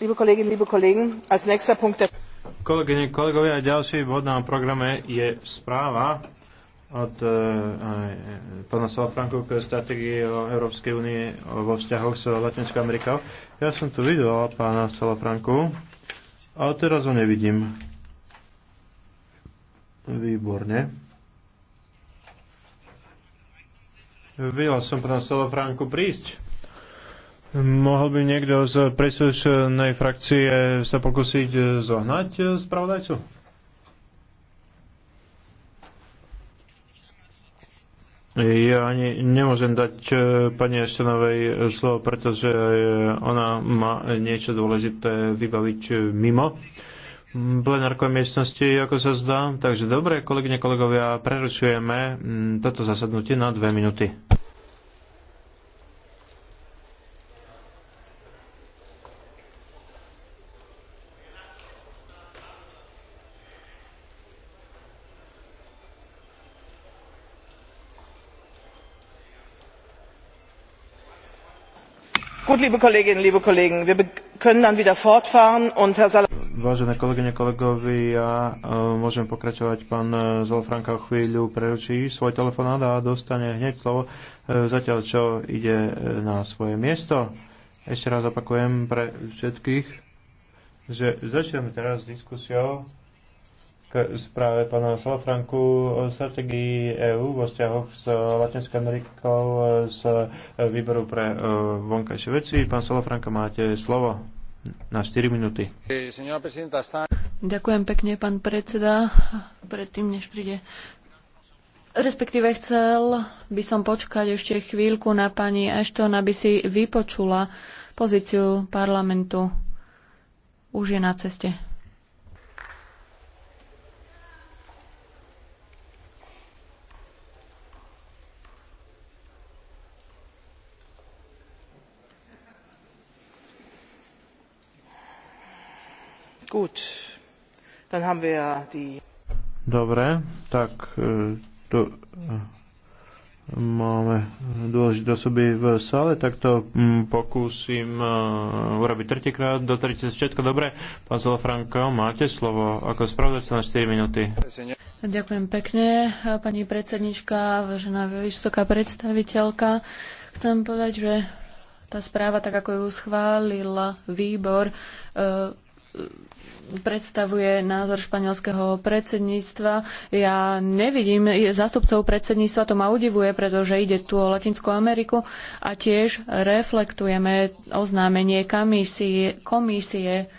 Liebe Kolleginnen, liebe Kollegen, als nächster Punkt der Kolegyne, kolegovia, ďalší bod na programe je správa od e, e pána Salafranku k stratégii o Európskej únie vo vzťahoch s Latinskou Amerikou. Ja som tu videl pána Salafranku, ale teraz ho nevidím. Výborne. Vila som pána Salafránku prísť. Mohol by niekto z príslušnej frakcie sa pokúsiť zohnať spravodajcu? Ja ani nemôžem dať e, pani Eštenovej e, slovo, pretože e, ona má niečo dôležité vybaviť mimo plenárkoj miestnosti, ako sa zdá. Takže dobre, kolegyne, kolegovia, prerušujeme mm, toto zasadnutie na dve minúty. Gut, liebe Kolleginnen, liebe Kollegen, wir können dann wieder fortfahren und Herr Salam. Vážené kolegyne, kolegovi, ja e, môžem pokračovať. Pán e, Zolfranka o chvíľu preručí svoj telefonát a dostane hneď slovo, e, zatiaľ čo ide na svoje miesto. Ešte raz opakujem pre všetkých, že začneme teraz s diskusiou k správe pána Salafranku o strategii EÚ vo vzťahoch s Latinskou Amerikou z výboru pre vonkajšie veci. Pán Salafranka, máte slovo na 4 minúty. Ďakujem pekne, pán predseda. Predtým, než príde Respektíve chcel by som počkať ešte chvíľku na pani Ashton, aby si vypočula pozíciu parlamentu. Už je na ceste. Gut, dann haben wir die... Dobre, tak e, tu e, máme dôležité osoby v sále, tak to mm, pokúsim e, urobiť tretíkrát. do Dotrite všetko dobre. Pán Salafranko, máte slovo ako spravodajca na 4 minúty. Ďakujem pekne, pani predsednička, vážená vysoká predstaviteľka. Chcem povedať, že tá správa, tak ako ju schválil výbor, predstavuje názor španielského predsedníctva. Ja nevidím zástupcov predsedníctva, to ma udivuje, pretože ide tu o Latinskú Ameriku a tiež reflektujeme oznámenie komisie. komisie.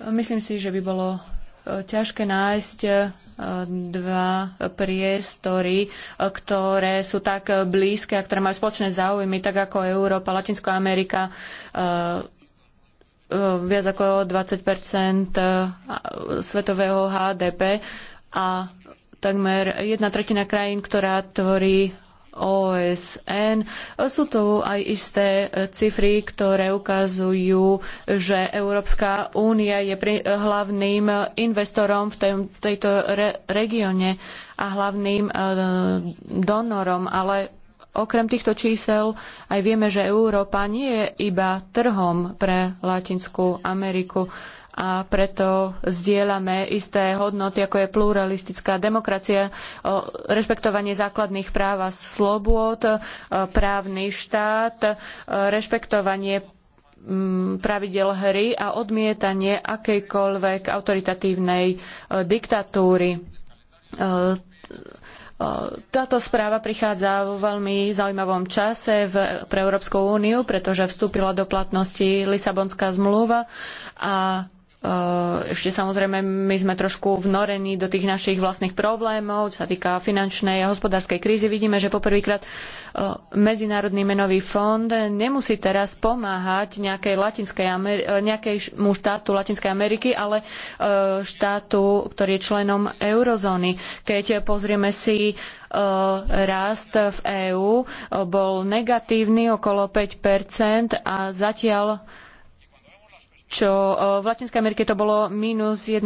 Myslím si, že by bolo e, ťažké nájsť e, dva priestory, e, ktoré sú tak blízke a ktoré majú spoločné záujmy, tak ako Európa, Latinská Amerika, E, viac ako 20 e, svetového HDP a takmer jedna tretina krajín, ktorá tvorí OSN. E, sú tu aj isté cifry, ktoré ukazujú, že Európska únia je hlavným investorom v tejto regióne a hlavným donorom, ale Okrem týchto čísel aj vieme, že Európa nie je iba trhom pre Latinskú Ameriku a preto zdieľame isté hodnoty, ako je pluralistická demokracia, rešpektovanie základných práv a slobôd, právny štát, rešpektovanie mm, pravidel hry a odmietanie akejkoľvek autoritatívnej diktatúry táto správa prichádza vo veľmi zaujímavom čase v, pre Európsku úniu, pretože vstúpila do platnosti Lisabonská zmluva a Eh, ešte samozrejme my sme trošku vnorení do tých našich vlastných problémov, čo sa týka finančnej a hospodárskej krízy. Vidíme, že poprvýkrát eh, Medzinárodný menový fond nemusí teraz pomáhať nejakej Latinskej Ameri- eh, nejakému štátu Latinskej Ameriky, ale štátu, ktorý je členom eurozóny. Keď pozrieme si rast v EÚ, bol negatívny okolo 5% a zatiaľ čo e, v Latinskej Amerike to bolo minus 1,8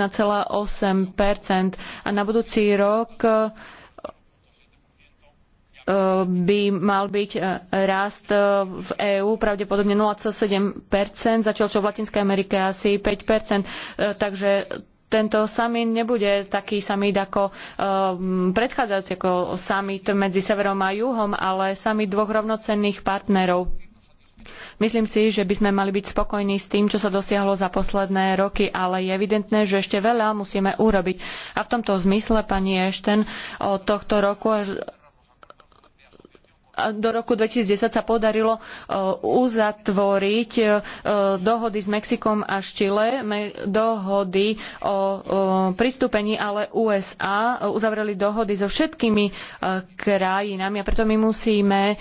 a na budúci rok e, by mal byť e, rast v EÚ pravdepodobne 0,7 zatiaľ čo v Latinskej Amerike asi 5 Takže tento summit nebude taký summit ako predchádzajúci ako summit medzi severom a juhom, ale summit dvoch rovnocenných partnerov Myslím si, že by sme mali byť spokojní s tým, čo sa dosiahlo za posledné roky, ale je evidentné, že ešte veľa musíme urobiť. A v tomto zmysle, pani Ešten, od tohto roku až do roku 2010 sa podarilo eh, uzatvoriť eh, dohody s Mexikom a Štile, dohody o eh, pristúpení, ale USA uzavreli dohody so všetkými krajinami a preto my musíme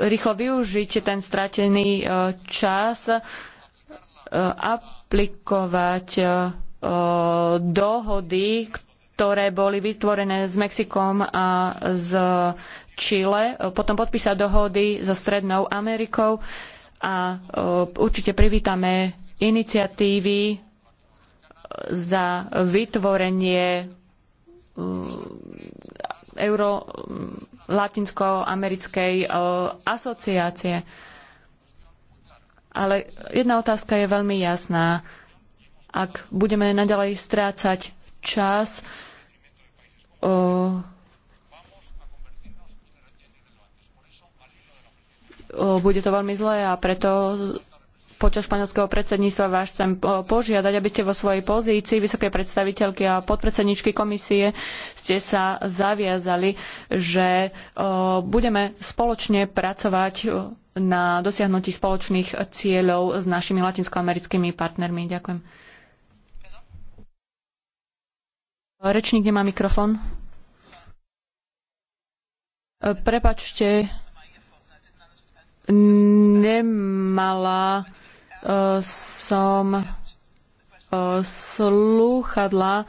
rýchlo využiť ten stratený čas, aplikovať dohody, ktoré boli vytvorené s Mexikom a s Čile, e, potom podpísať dohody so Strednou Amerikou a e, určite privítame iniciatívy e, za vytvorenie euro-latinsko-americkej asociácie. Ale jedna otázka je veľmi jasná. Ak budeme naďalej strácať čas, bude to veľmi zlé a preto počas španielského predsedníctva vás chcem požiadať, aby ste vo svojej pozícii vysokej predstaviteľky a podpredsedničky komisie ste sa zaviazali, že budeme spoločne pracovať na dosiahnutí spoločných cieľov s našimi latinskoamerickými partnermi. Ďakujem. Rečník nemá mikrofón. Prepačte, nemala e, som e, slúchadla,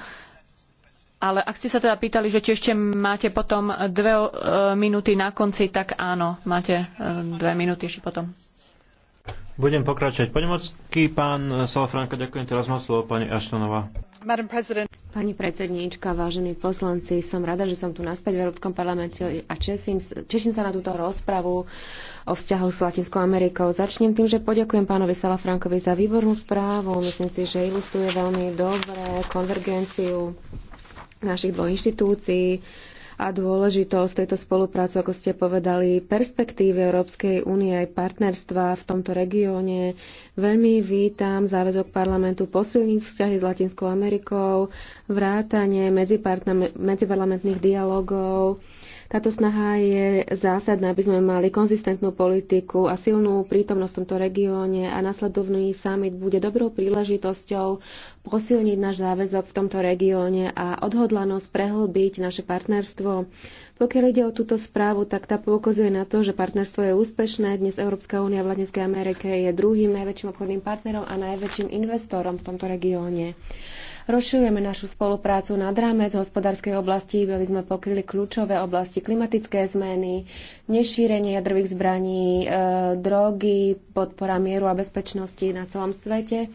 ale ak ste sa teda pýtali, že či ešte máte potom dve e, minúty na konci, tak áno, máte dve minúty ešte potom. Budem pokračovať po Pán Salafranka, ďakujem teraz má slovo pani Aštanová. Pani predsedníčka, vážení poslanci, som rada, že som tu naspäť v Európskom parlamente a česím, češím sa na túto rozpravu o vzťahoch s Latinskou Amerikou. Začnem tým, že poďakujem pánovi Salafrankovi za výbornú správu. Myslím si, že ilustruje veľmi dobre konvergenciu našich dvoch inštitúcií a dôležitosť tejto spolupráce, ako ste povedali, perspektívy Európskej únie aj partnerstva v tomto regióne. Veľmi vítam záväzok parlamentu posilniť vzťahy s Latinskou Amerikou, vrátanie medziparlamentných dialogov. Táto snaha je zásadná, aby sme mali konzistentnú politiku a silnú prítomnosť v tomto regióne a nasledovný summit bude dobrou príležitosťou posilniť náš záväzok v tomto regióne a odhodlanosť prehlbiť naše partnerstvo. Pokiaľ ide o túto správu, tak tá poukazuje na to, že partnerstvo je úspešné. Dnes Európska únia v Latinskej Amerike je druhým najväčším obchodným partnerom a najväčším investorom v tomto regióne. Rozširujeme našu spoluprácu nad rámec hospodárskej oblasti, aby sme pokryli kľúčové oblasti klimatické zmeny, nešírenie jadrových zbraní, e, drogy, podpora mieru a bezpečnosti na celom svete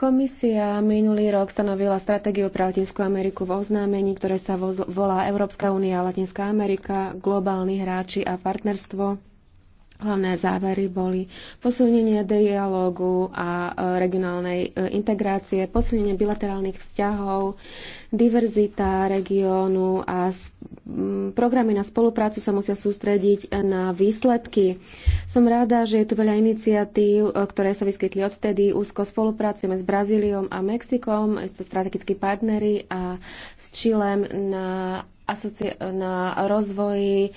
Komisia minulý rok stanovila stratégiu pre Latinskú Ameriku v oznámení, ktoré sa volá Európska únia, a Latinská Amerika, globálni hráči a partnerstvo Hlavné závery boli posilnenie dialógu a e, regionálnej e, integrácie, posilnenie bilaterálnych vzťahov, diverzita regiónu a programy na spoluprácu sa musia sústrediť na výsledky. Som rada, že je tu veľa iniciatív, e, ktoré sa vyskytli odtedy. Úzko spolupracujeme s Brazíliom a Mexikom, sú strategickí partnery a s Čilem na asoci- na rozvoji.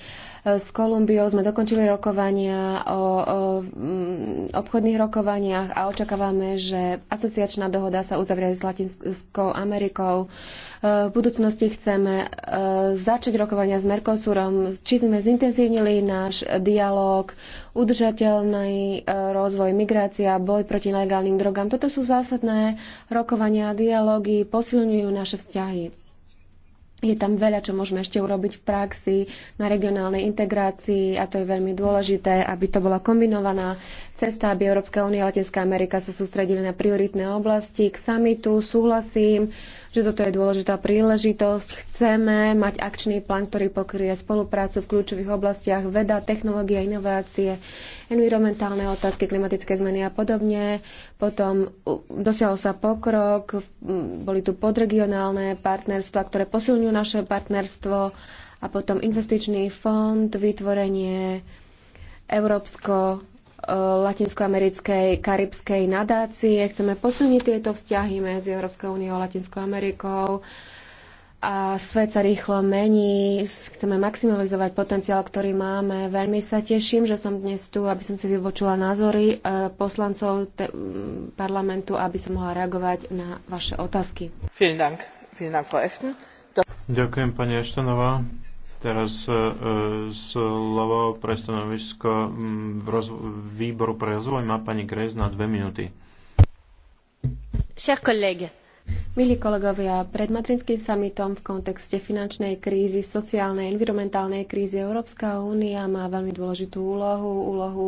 Eh, s Kolumbiou sme dokončili rokovania o, o mm, obchodných rokovaniach a očakávame, že asociačná dohoda sa uzavrie s Latinskou Amerikou. Eh, v budúcnosti chceme eh, začať rokovania s Mercosurom, či sme zintenzívnili náš dialog, udržateľný rozvoj, migrácia, boj proti legálnym drogám. Toto sú zásadné rokovania, dialógy, posilňujú naše vzťahy. Je tam veľa, čo môžeme ešte urobiť v praxi na regionálnej integrácii a to je veľmi dôležité, aby to bola kombinovaná cesta, aby Európska únia a Latinská Amerika sa sústredili na prioritné oblasti. K samitu súhlasím že toto je dôležitá príležitosť. Chceme mať akčný plán, ktorý pokrie spoluprácu v kľúčových oblastiach veda, technológia, inovácie, environmentálne otázky, klimatické zmeny a podobne. Potom dosiahol sa pokrok, boli tu podregionálne partnerstva, ktoré posilňujú naše partnerstvo a potom investičný fond, vytvorenie európsko latinskoamerickej karibskej nadácie. Chceme posilniť tieto vzťahy medzi Európskou úniou a Latinskou Amerikou. A svet sa rýchlo mení, chceme maximalizovať potenciál, ktorý máme. Veľmi sa teším, že som dnes tu, aby som si vypočula názory e, poslancov parlamentu, aby som mohla reagovať na vaše otázky. Vielen Dank. Vielen Dank, Frau Ďakujem, pani Eštonová. Teraz e, e, slovo pre stanovisko mm, v výboru pre rozvoj má pani Grez na dve minúty. Chers collègues, Milí kolegovia, pred Madridským samitom v kontexte finančnej krízy, sociálnej, environmentálnej krízy Európska únia má veľmi dôležitú úlohu, úlohu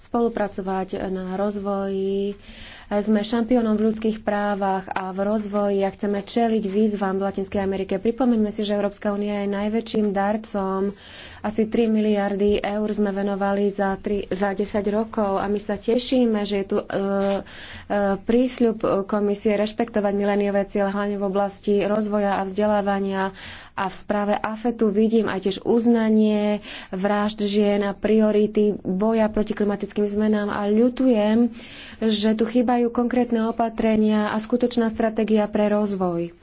spolupracovať na rozvoji sme šampiónom v ľudských právach a v rozvoji a chceme čeliť výzvam v Latinskej Amerike. Pripomeňme si, že Európska únia je najväčším darcom. Asi 3 miliardy eur sme venovali za, 3, za 10 rokov a my sa tešíme, že je tu uh, uh, prísľub komisie rešpektovať mileniové cieľ hlavne v oblasti rozvoja a vzdelávania a v správe AFETu vidím aj tiež uznanie vražd žien a priority boja proti klimatickým zmenám a ľutujem, že tu chýbajú konkrétne opatrenia a skutočná stratégia pre rozvoj.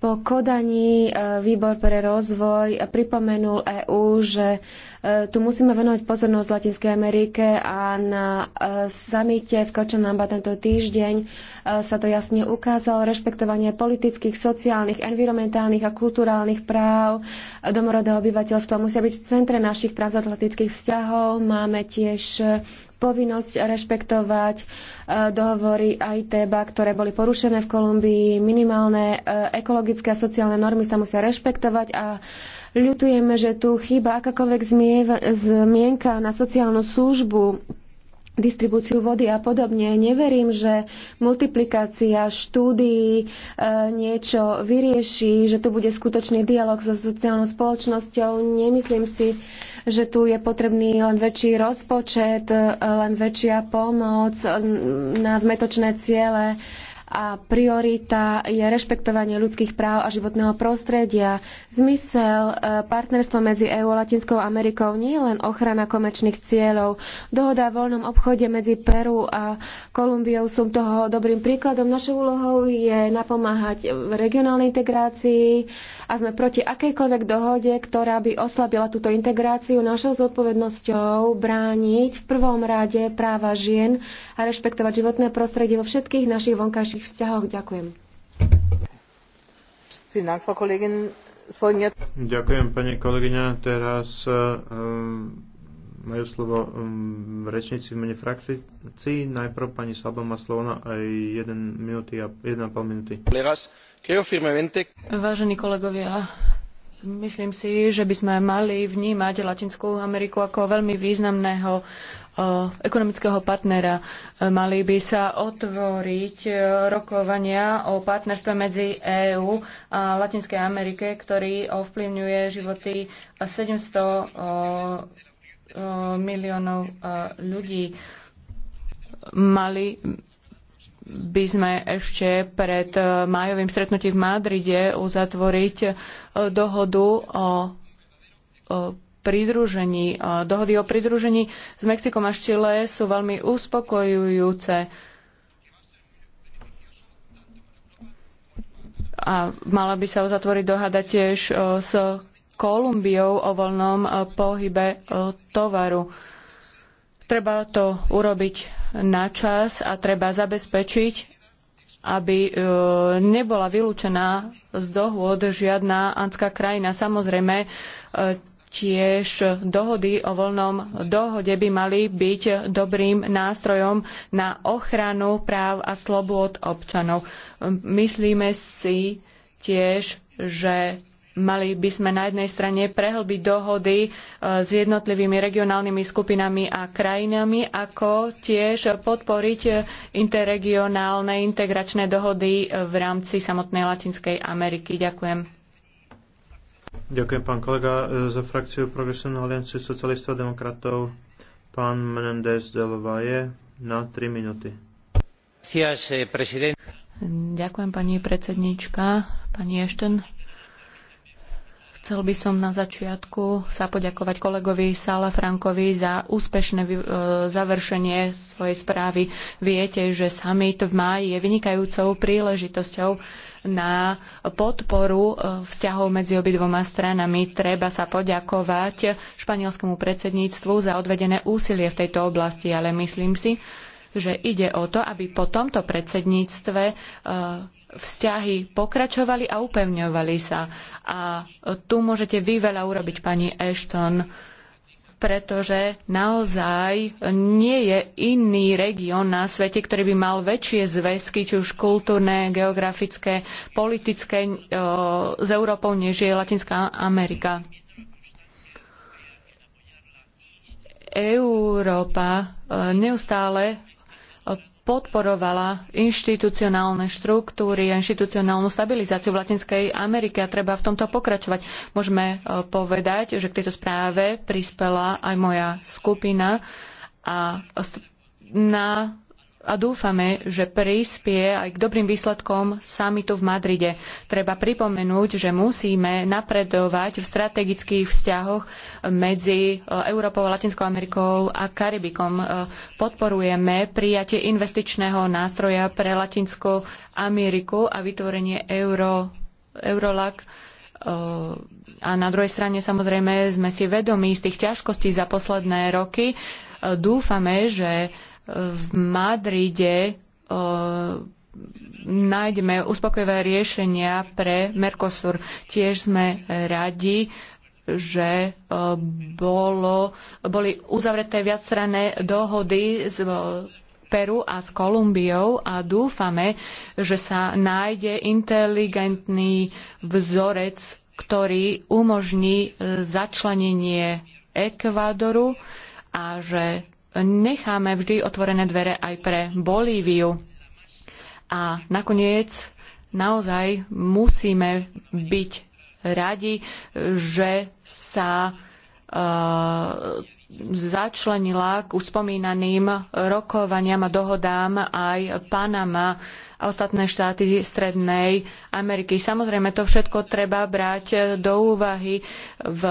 Po Kodaní e, výbor pre rozvoj pripomenul EÚ, že e, tu musíme venovať pozornosť Latinskej Amerike a na e, samite v Kočanamba tento týždeň sa to jasne ukázalo. Rešpektovanie politických, sociálnych, environmentálnych a kulturálnych práv domorodého obyvateľstva musia byť v centre našich transatlantických vzťahov. Máme tiež povinnosť rešpektovať e, dohovory aj téba, ktoré boli porušené v Kolumbii. Minimálne e, ekologické a sociálne normy sa musia rešpektovať a ľutujeme, že tu chýba akákoľvek zmienka na sociálnu službu distribúciu vody a podobne. Neverím, že multiplikácia štúdií e, niečo vyrieši, že tu bude skutočný dialog so sociálnou spoločnosťou. Nemyslím si, že tu je potrebný len väčší rozpočet, e, len väčšia pomoc na zmetočné ciele. E, a priorita je rešpektovanie ľudských práv a životného prostredia. Zmysel e, partnerstva medzi EÚ a Latinskou Amerikou nie je len ochrana komerčných cieľov. Dohoda o voľnom obchode medzi Peru a Kolumbiou sú toho dobrým príkladom. Našou úlohou je napomáhať v regionálnej integrácii a sme proti akejkoľvek dohode, ktorá by oslabila túto integráciu. Našou zodpovednosťou brániť v prvom rade práva žien a rešpektovať životné prostredie vo všetkých našich vonkajších našich vzťahoch. Ďakujem. Ďakujem, pani kolegyňa. Teraz um, majú slovo um, rečníci v mene frakcii. Najprv pani Slabo má slovo na aj 1 minúty a 1,5 minúty. Vážení kolegovia, Myslím si, že by sme mali vnímať Latinskú Ameriku ako veľmi významného eh, ekonomického partnera. Eh, mali by sa otvoriť eh, rokovania o partnerstve medzi EÚ a Latinskej Amerike, ktorý ovplyvňuje životy 700 miliónov ľudí. Mali by sme ešte pred eh, májovým stretnutím v Madride uzatvoriť eh, dohodu o, o pridružení. Eh, dohody o pridružení s Mexikom a Chile sú veľmi uspokojujúce. A mala by sa uzatvoriť dohada tiež s Kolumbiou o voľnom pohybe tovaru. Treba to urobiť na čas a treba zabezpečiť, aby e, nebola vylúčená z dohôd žiadna anská krajina. Samozrejme, e, tiež dohody o voľnom dohode by mali byť dobrým nástrojom na ochranu práv a slobôd občanov. Myslíme si tiež, že Mali by sme na jednej strane prehlbiť dohody e, s jednotlivými regionálnymi skupinami a krajinami, ako tiež podporiť interregionálne integračné dohody v rámci samotnej Latinskej Ameriky. Ďakujem. Ďakujem, pán kolega. E, za frakciu Progresívnej aliancie socialistov a demokratov pán Menendez de Lovaje na 3 minúty. Eh, Ďakujem, pani predsednička, pani Ešten. Chcel by som na začiatku sa poďakovať kolegovi Sala Frankovi za úspešné e, završenie svojej správy. Viete, že summit v máji je vynikajúcou príležitosťou na podporu e, vzťahov medzi obidvoma stranami. Treba sa poďakovať španielskému predsedníctvu za odvedené úsilie v tejto oblasti, ale myslím si, že ide o to, aby po tomto predsedníctve e, vzťahy pokračovali a upevňovali sa. A tu môžete vy veľa urobiť, pani Ashton, pretože naozaj nie je iný región na svete, ktorý by mal väčšie zväzky, či už kultúrne, geografické, politické e, s Európou, než je Latinská Amerika. Európa e, neustále podporovala inštitucionálne štruktúry a inštitucionálnu stabilizáciu v Latinskej Amerike a treba v tomto pokračovať. Môžeme e, povedať, že k tejto správe prispela aj moja skupina a na a dúfame, že prispie aj k dobrým výsledkom samitu v Madride. Treba pripomenúť, že musíme napredovať v strategických vzťahoch medzi eh, Európou, Latinskou Amerikou a Karibikom. Eh, podporujeme prijatie investičného nástroja pre Latinskú Ameriku a vytvorenie Euro, Eurolac eh, a na druhej strane samozrejme sme si vedomí z tých ťažkostí za posledné roky. Dúfame, že v Madride e, nájdeme uspokojivé riešenia pre Mercosur. Tiež sme radi, že e, bolo, boli uzavreté viacstranné dohody s e, Peru a s Kolumbiou a dúfame, že sa nájde inteligentný vzorec, ktorý umožní začlenenie Ekvádoru a že necháme vždy otvorené dvere aj pre Bolíviu. A nakoniec naozaj musíme byť radi, že sa uh, začlenila k už spomínaným rokovaniam a dohodám aj Panama a ostatné štáty Strednej Ameriky. Samozrejme, to všetko treba brať do úvahy v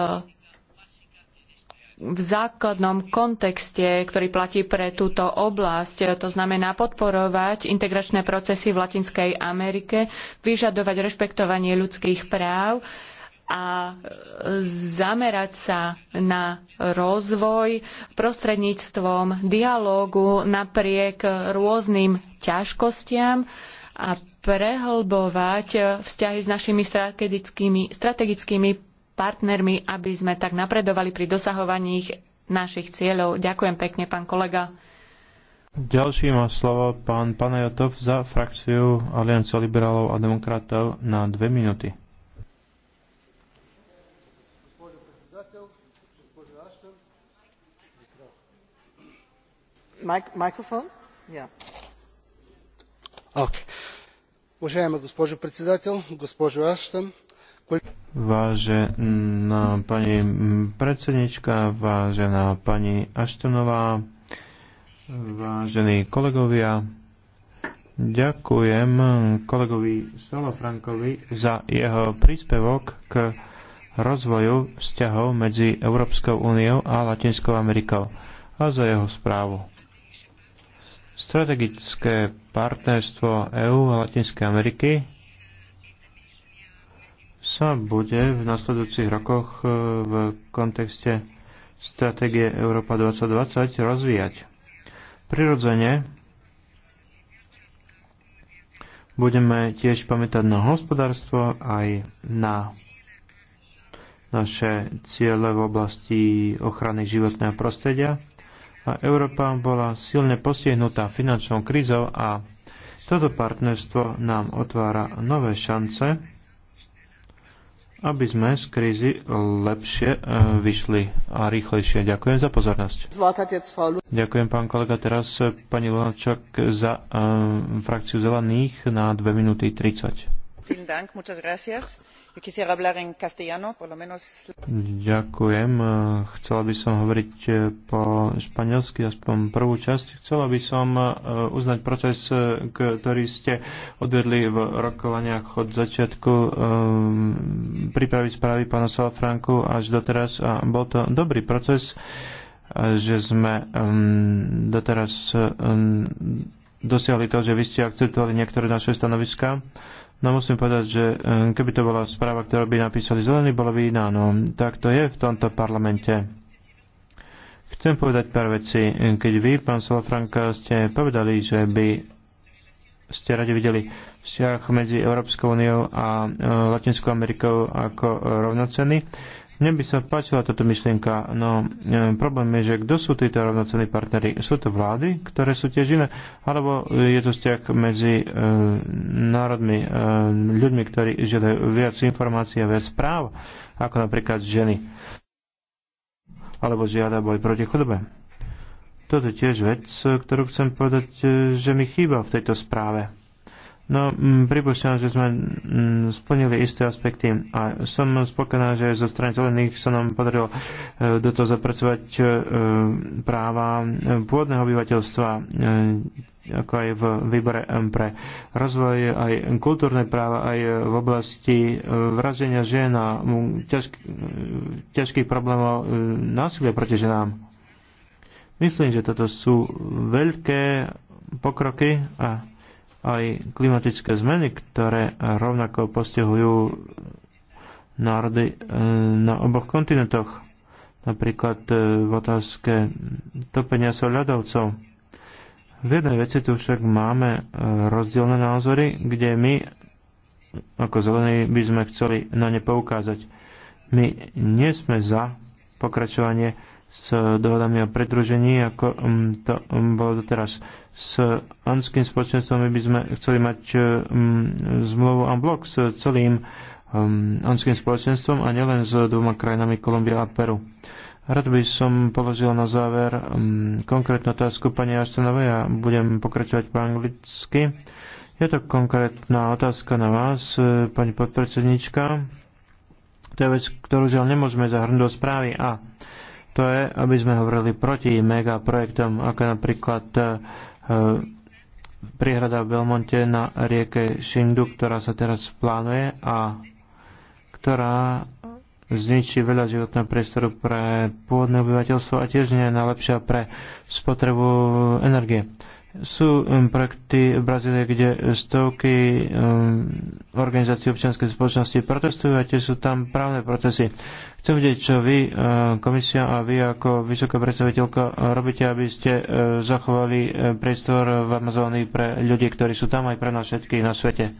v základnom kontexte, ktorý platí pre túto oblasť. To znamená podporovať integračné procesy v Latinskej Amerike, vyžadovať rešpektovanie ľudských práv a zamerať sa na rozvoj prostredníctvom dialógu napriek rôznym ťažkostiam a prehlbovať vzťahy s našimi strategickými, strategickými partnermi, aby sme tak napredovali pri dosahovaní našich cieľov. Ďakujem pekne, pán kolega. Ďalší má slovo pán Panajotov za frakciu Aliancia liberálov a demokratov na dve minúty. Mikrofón? Yeah. Okay. Уважаема госпожо председател, госпожо Аштън, Vážená pani predsednička, vážená pani Aštonová, vážení kolegovia, ďakujem kolegovi Solofrankovi za jeho príspevok k rozvoju vzťahov medzi Európskou úniou a Latinskou Amerikou a za jeho správu. Strategické partnerstvo EÚ a Latinskej Ameriky sa bude v nasledujúcich rokoch e, v kontexte stratégie Európa 2020 rozvíjať. Prirodzene budeme tiež pamätať na hospodárstvo aj na naše ciele v oblasti ochrany životného prostredia. A Európa bola silne postihnutá finančnou krízou a toto partnerstvo nám otvára nové šance aby sme z krízy lepšie e, vyšli a rýchlejšie. Ďakujem za pozornosť. Ďakujem, pán kolega. Teraz e, pani Lunačak za um, frakciu zelených na 2 minúty 30. Ďakujem. Chcela by som hovoriť eh, po španielsky, aspoň prvú časť. Chcela by som eh, uznať proces, eh, ktorý ste odvedli v rokovaniach od začiatku ehm, prípravy správy pána Salafranku až doteraz. A bol to dobrý proces, že sme ehm, doteraz ehm, dosiahli to, že vy ste akceptovali niektoré naše stanoviská No musím povedať, že eh, keby to bola správa, ktorú by napísali zelení, bolo by iná. No, tak to je v tomto parlamente. Chcem povedať pár veci. Keď vy, pán Salafranka, ste povedali, že by ste radi videli vzťah medzi Európskou úniou a eh, Latinskou Amerikou ako rovnocenný, mne by sa páčila táto myšlienka, no e, problém je, že kto sú títo rovnocenní partnery? Sú to vlády, ktoré sú tiež iné? Alebo je to vzťah medzi e, národmi, e, ľuďmi, ktorí žiadajú viac informácií a viac práv, ako napríklad ženy? Alebo žiada boj proti chudobe? Toto je tiež vec, ktorú chcem povedať, e, že mi chýba v tejto správe No, mm, pripúšťam, že sme mm, splnili isté aspekty a som spokojná, že zo strany zelených sa nám podarilo e, do toho zapracovať e, práva pôvodného obyvateľstva, e, ako aj v výbore pre rozvoj, aj kultúrne práva, aj v oblasti vraženia žien a mm, ťažkých problémov násilia proti ženám. Myslím, že toto sú veľké pokroky a aj klimatické zmeny, ktoré rovnako postihujú národy e, na oboch kontinentoch. Napríklad e, v otázke topenia sa ľadovcov. V jednej veci tu však máme e, rozdielne názory, kde my ako zelení by sme chceli na ne poukázať. My nie sme za pokračovanie s dohodami o predružení, ako mm, to mm, bolo doteraz. S anským spoločenstvom by sme chceli mať e, mm, zmluvu en bloc s celým anským spoločenstvom a nielen s dvoma krajinami Kolumbia a Peru. Rád by som položil na záver konkrétnu otázku pani Aštenovej a budem pokračovať po anglicky. Je to konkrétna otázka na vás, e, pani podpredsednička. To je vec, ktorú žiaľ nemôžeme zahrnúť do správy a to je, aby sme hovorili proti megaprojektom, ako napríklad e, príhrada v Belmonte na rieke Šindu, ktorá sa teraz plánuje a ktorá zničí veľa životného priestoru pre pôvodné obyvateľstvo a tiež nie je najlepšia pre spotrebu energie. Sú um, projekty v Brazílii, kde stovky um, organizácií občianskej spoločnosti protestujú a tie sú tam právne procesy. Chcem vedieť, čo vy, uh, komisia a vy ako vysoká predstaviteľka uh, robíte, aby ste uh, zachovali uh, priestor v Amazónii pre ľudí, ktorí sú tam aj pre nás všetkých na svete.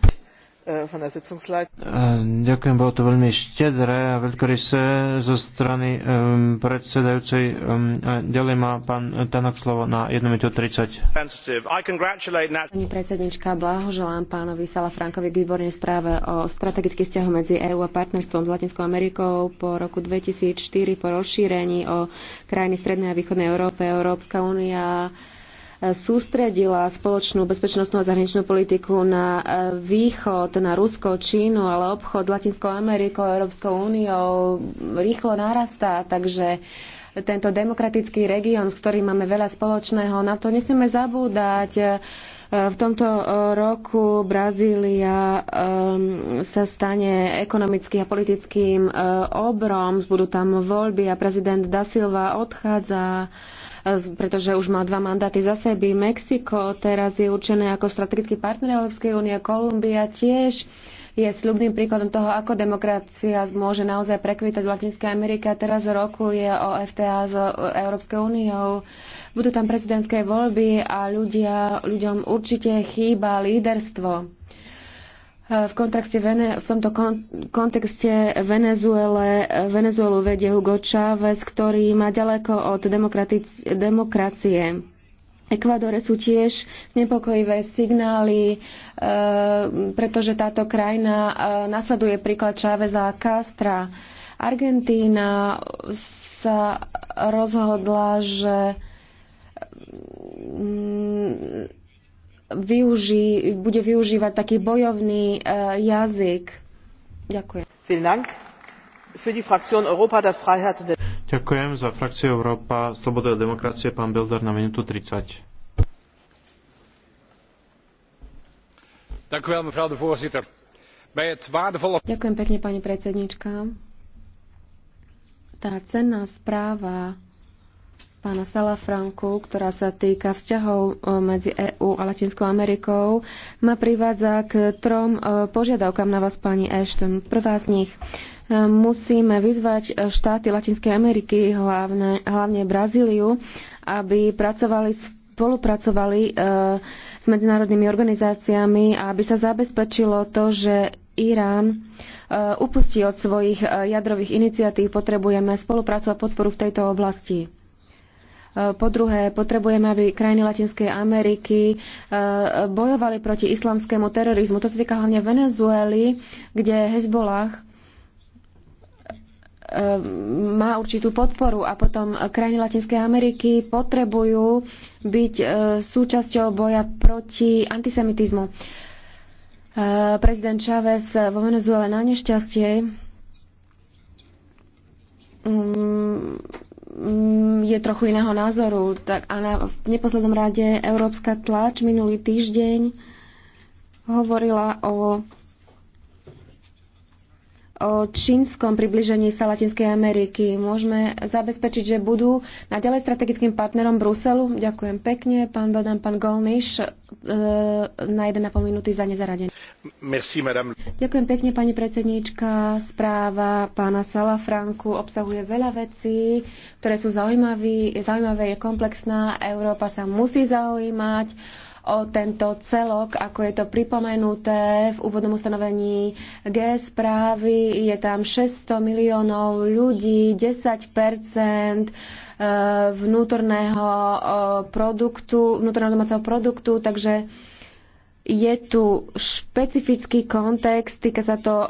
Eh, von der Sitzungsleitung. Eh, ďakujem, bolo to veľmi štedré a veľkorysé zo strany um, predsedajúcej. Um, ďalej má pán Tanok slovo na 1 minútu 30. Pani predsednička, blahoželám pánovi Salafrankovi k výbornej správe o strategických vzťahoch medzi EÚ a partnerstvom s Latinskou Amerikou po roku 2004 po rozšírení o krajiny Strednej a Východnej Európy. Európska únia sústredila spoločnú bezpečnostnú a zahraničnú politiku na e, východ, na Rusko, Čínu, ale obchod s Latinskou Amerikou, Európskou úniou rýchlo narastá, takže tento demokratický región, s ktorým máme veľa spoločného, na to nesmieme zabúdať. E, v tomto e, roku Brazília sa stane ekonomickým a politickým obrom, budú tam voľby a prezident Da Silva odchádza pretože už má dva mandáty za sebou. Mexiko teraz je určené ako strategický partner Európskej únie, Kolumbia tiež je sľubným príkladom toho, ako demokracia môže naozaj prekvitať v Latinskej Amerike. Teraz roku je o FTA s Európskou úniou. Budú tam prezidentské voľby a ľudia, ľuďom určite chýba líderstvo. V, vene, v tomto kontexte Venezuele, Venezuelu vedie Hugo Chávez, ktorý má ďaleko od demokracie. Ekvádore sú tiež znepokojivé signály, e, pretože táto krajina e, nasleduje príklad Cháveza a Castra. Argentína sa rozhodla, že mm, využí, bude využívať taký bojovný uh, jazyk. Ďakujem. Ďakujem za frakciu Európa, Sloboda a demokracie, pán Bilder na minútu 30. Ďakujem pekne, pani predsednička. Tá cenná správa pána Franku, ktorá sa týka vzťahov e, medzi EÚ a Latinskou Amerikou, ma privádza k trom e, požiadavkám na vás, pani Ashton. Prvá z nich. E, musíme vyzvať štáty Latinskej Ameriky, hlavne, hlavne Brazíliu, aby pracovali, spolupracovali s medzinárodnými organizáciami a aby sa zabezpečilo to, že Irán upustí od svojich jadrových iniciatív. Potrebujeme spoluprácu a podporu v tejto oblasti. Eh, po druhé, potrebujeme, aby krajiny Latinskej Ameriky eh, bojovali proti islamskému terorizmu. To sa týka hlavne Venezuely, kde Hezbollah eh, má určitú podporu a potom krajiny Latinskej Ameriky potrebujú byť súčasťou boja proti antisemitizmu. Prezident Chávez vo Venezuele na nešťastie mm, Mm, je trochu iného názoru. Tak a na, v neposlednom rade Európska tlač minulý týždeň hovorila o o čínskom približení sa Latinskej Ameriky. Môžeme zabezpečiť, že budú naďalej strategickým partnerom Bruselu. Ďakujem pekne, pán Bodan, pán Golniš, e, na 1,5 minúty za nezaradenie. Merci, madame. Ďakujem pekne, pani predsedníčka. Správa pána Sala Franku obsahuje veľa vecí, ktoré sú zaujímavé, je komplexná. Európa sa musí zaujímať o tento celok, ako je to pripomenuté v úvodnom ustanovení G správy. Je tam 600 miliónov ľudí, 10 e, vnútorného e, produktu, vnútorného domáceho produktu, takže je tu špecifický kontext, týka sa to e,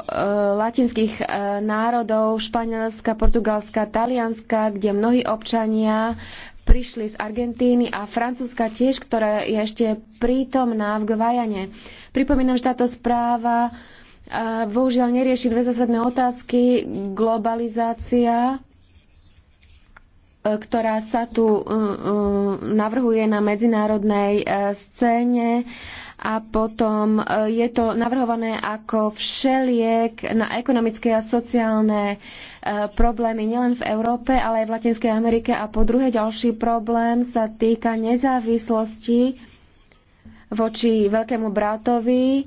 latinských e, národov, Španielska, Portugalska, Talianska, kde mnohí občania prišli z Argentíny a Francúzska tiež, ktorá je ešte prítomná v Gvajane. Pripomínam, že táto správa e, bohužiaľ nerieši dve zásadné otázky. Globalizácia, e, ktorá sa tu e, navrhuje na medzinárodnej scéne a potom je to navrhované ako všeliek na ekonomické a sociálne problémy nielen v Európe, ale aj v Latinskej Amerike. A po druhé, ďalší problém sa týka nezávislosti voči veľkému bratovi eh,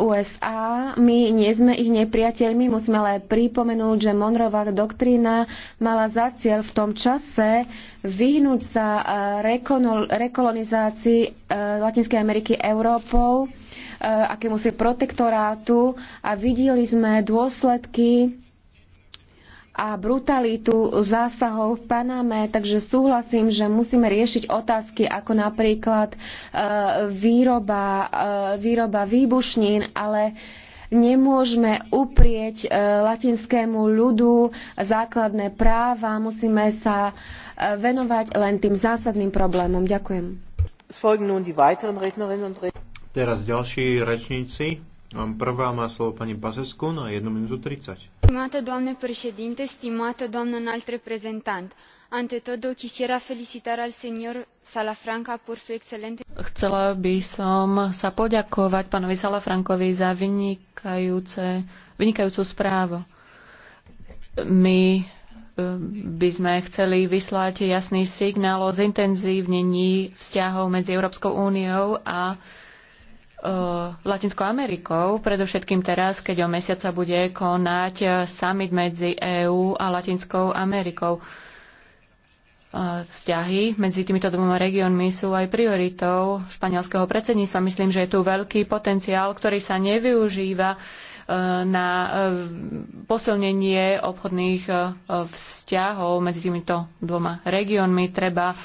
USA. My nie sme ich nepriateľmi, musíme ale pripomenúť, že Monrová doktrína mala za cieľ v tom čase vyhnúť sa eh, rekolonizácii eh, Latinskej Ameriky Európou, akémusi protektorátu a videli sme dôsledky a brutalitu zásahov v Paname, takže súhlasím, že musíme riešiť otázky ako napríklad e, výroba, e, výroba výbušnín, ale nemôžeme uprieť e, latinskému ľudu základné práva, musíme sa venovať len tým zásadným problémom. Ďakujem. Teraz ďalší rečníci. Am Prvá má slovo pani Bazescu na 1 minútu 30. Stimată doamnă președinte, stimată doamnă înalt reprezentant, ante tot todo quisiera felicitar al senior Salafranca por su excelente... Chcela by som sa poďakovať pánovi Salafrankovi za vynikajúce, vynikajúcu správu. My e, by sme chceli vyslať jasný signál o zintenzívnení vzťahov medzi Európskou úniou a Eh, Latinskou Amerikou, predovšetkým teraz, keď o mesiac sa bude konať eh, summit medzi EÚ a Latinskou Amerikou. Eh, vzťahy medzi týmito dvoma regiónmi sú aj prioritou španielského predsedníctva. Myslím, že je tu veľký potenciál, ktorý sa nevyužíva na eh, posilnenie obchodných eh, vzťahov medzi týmito dvoma regiónmi. Treba eh,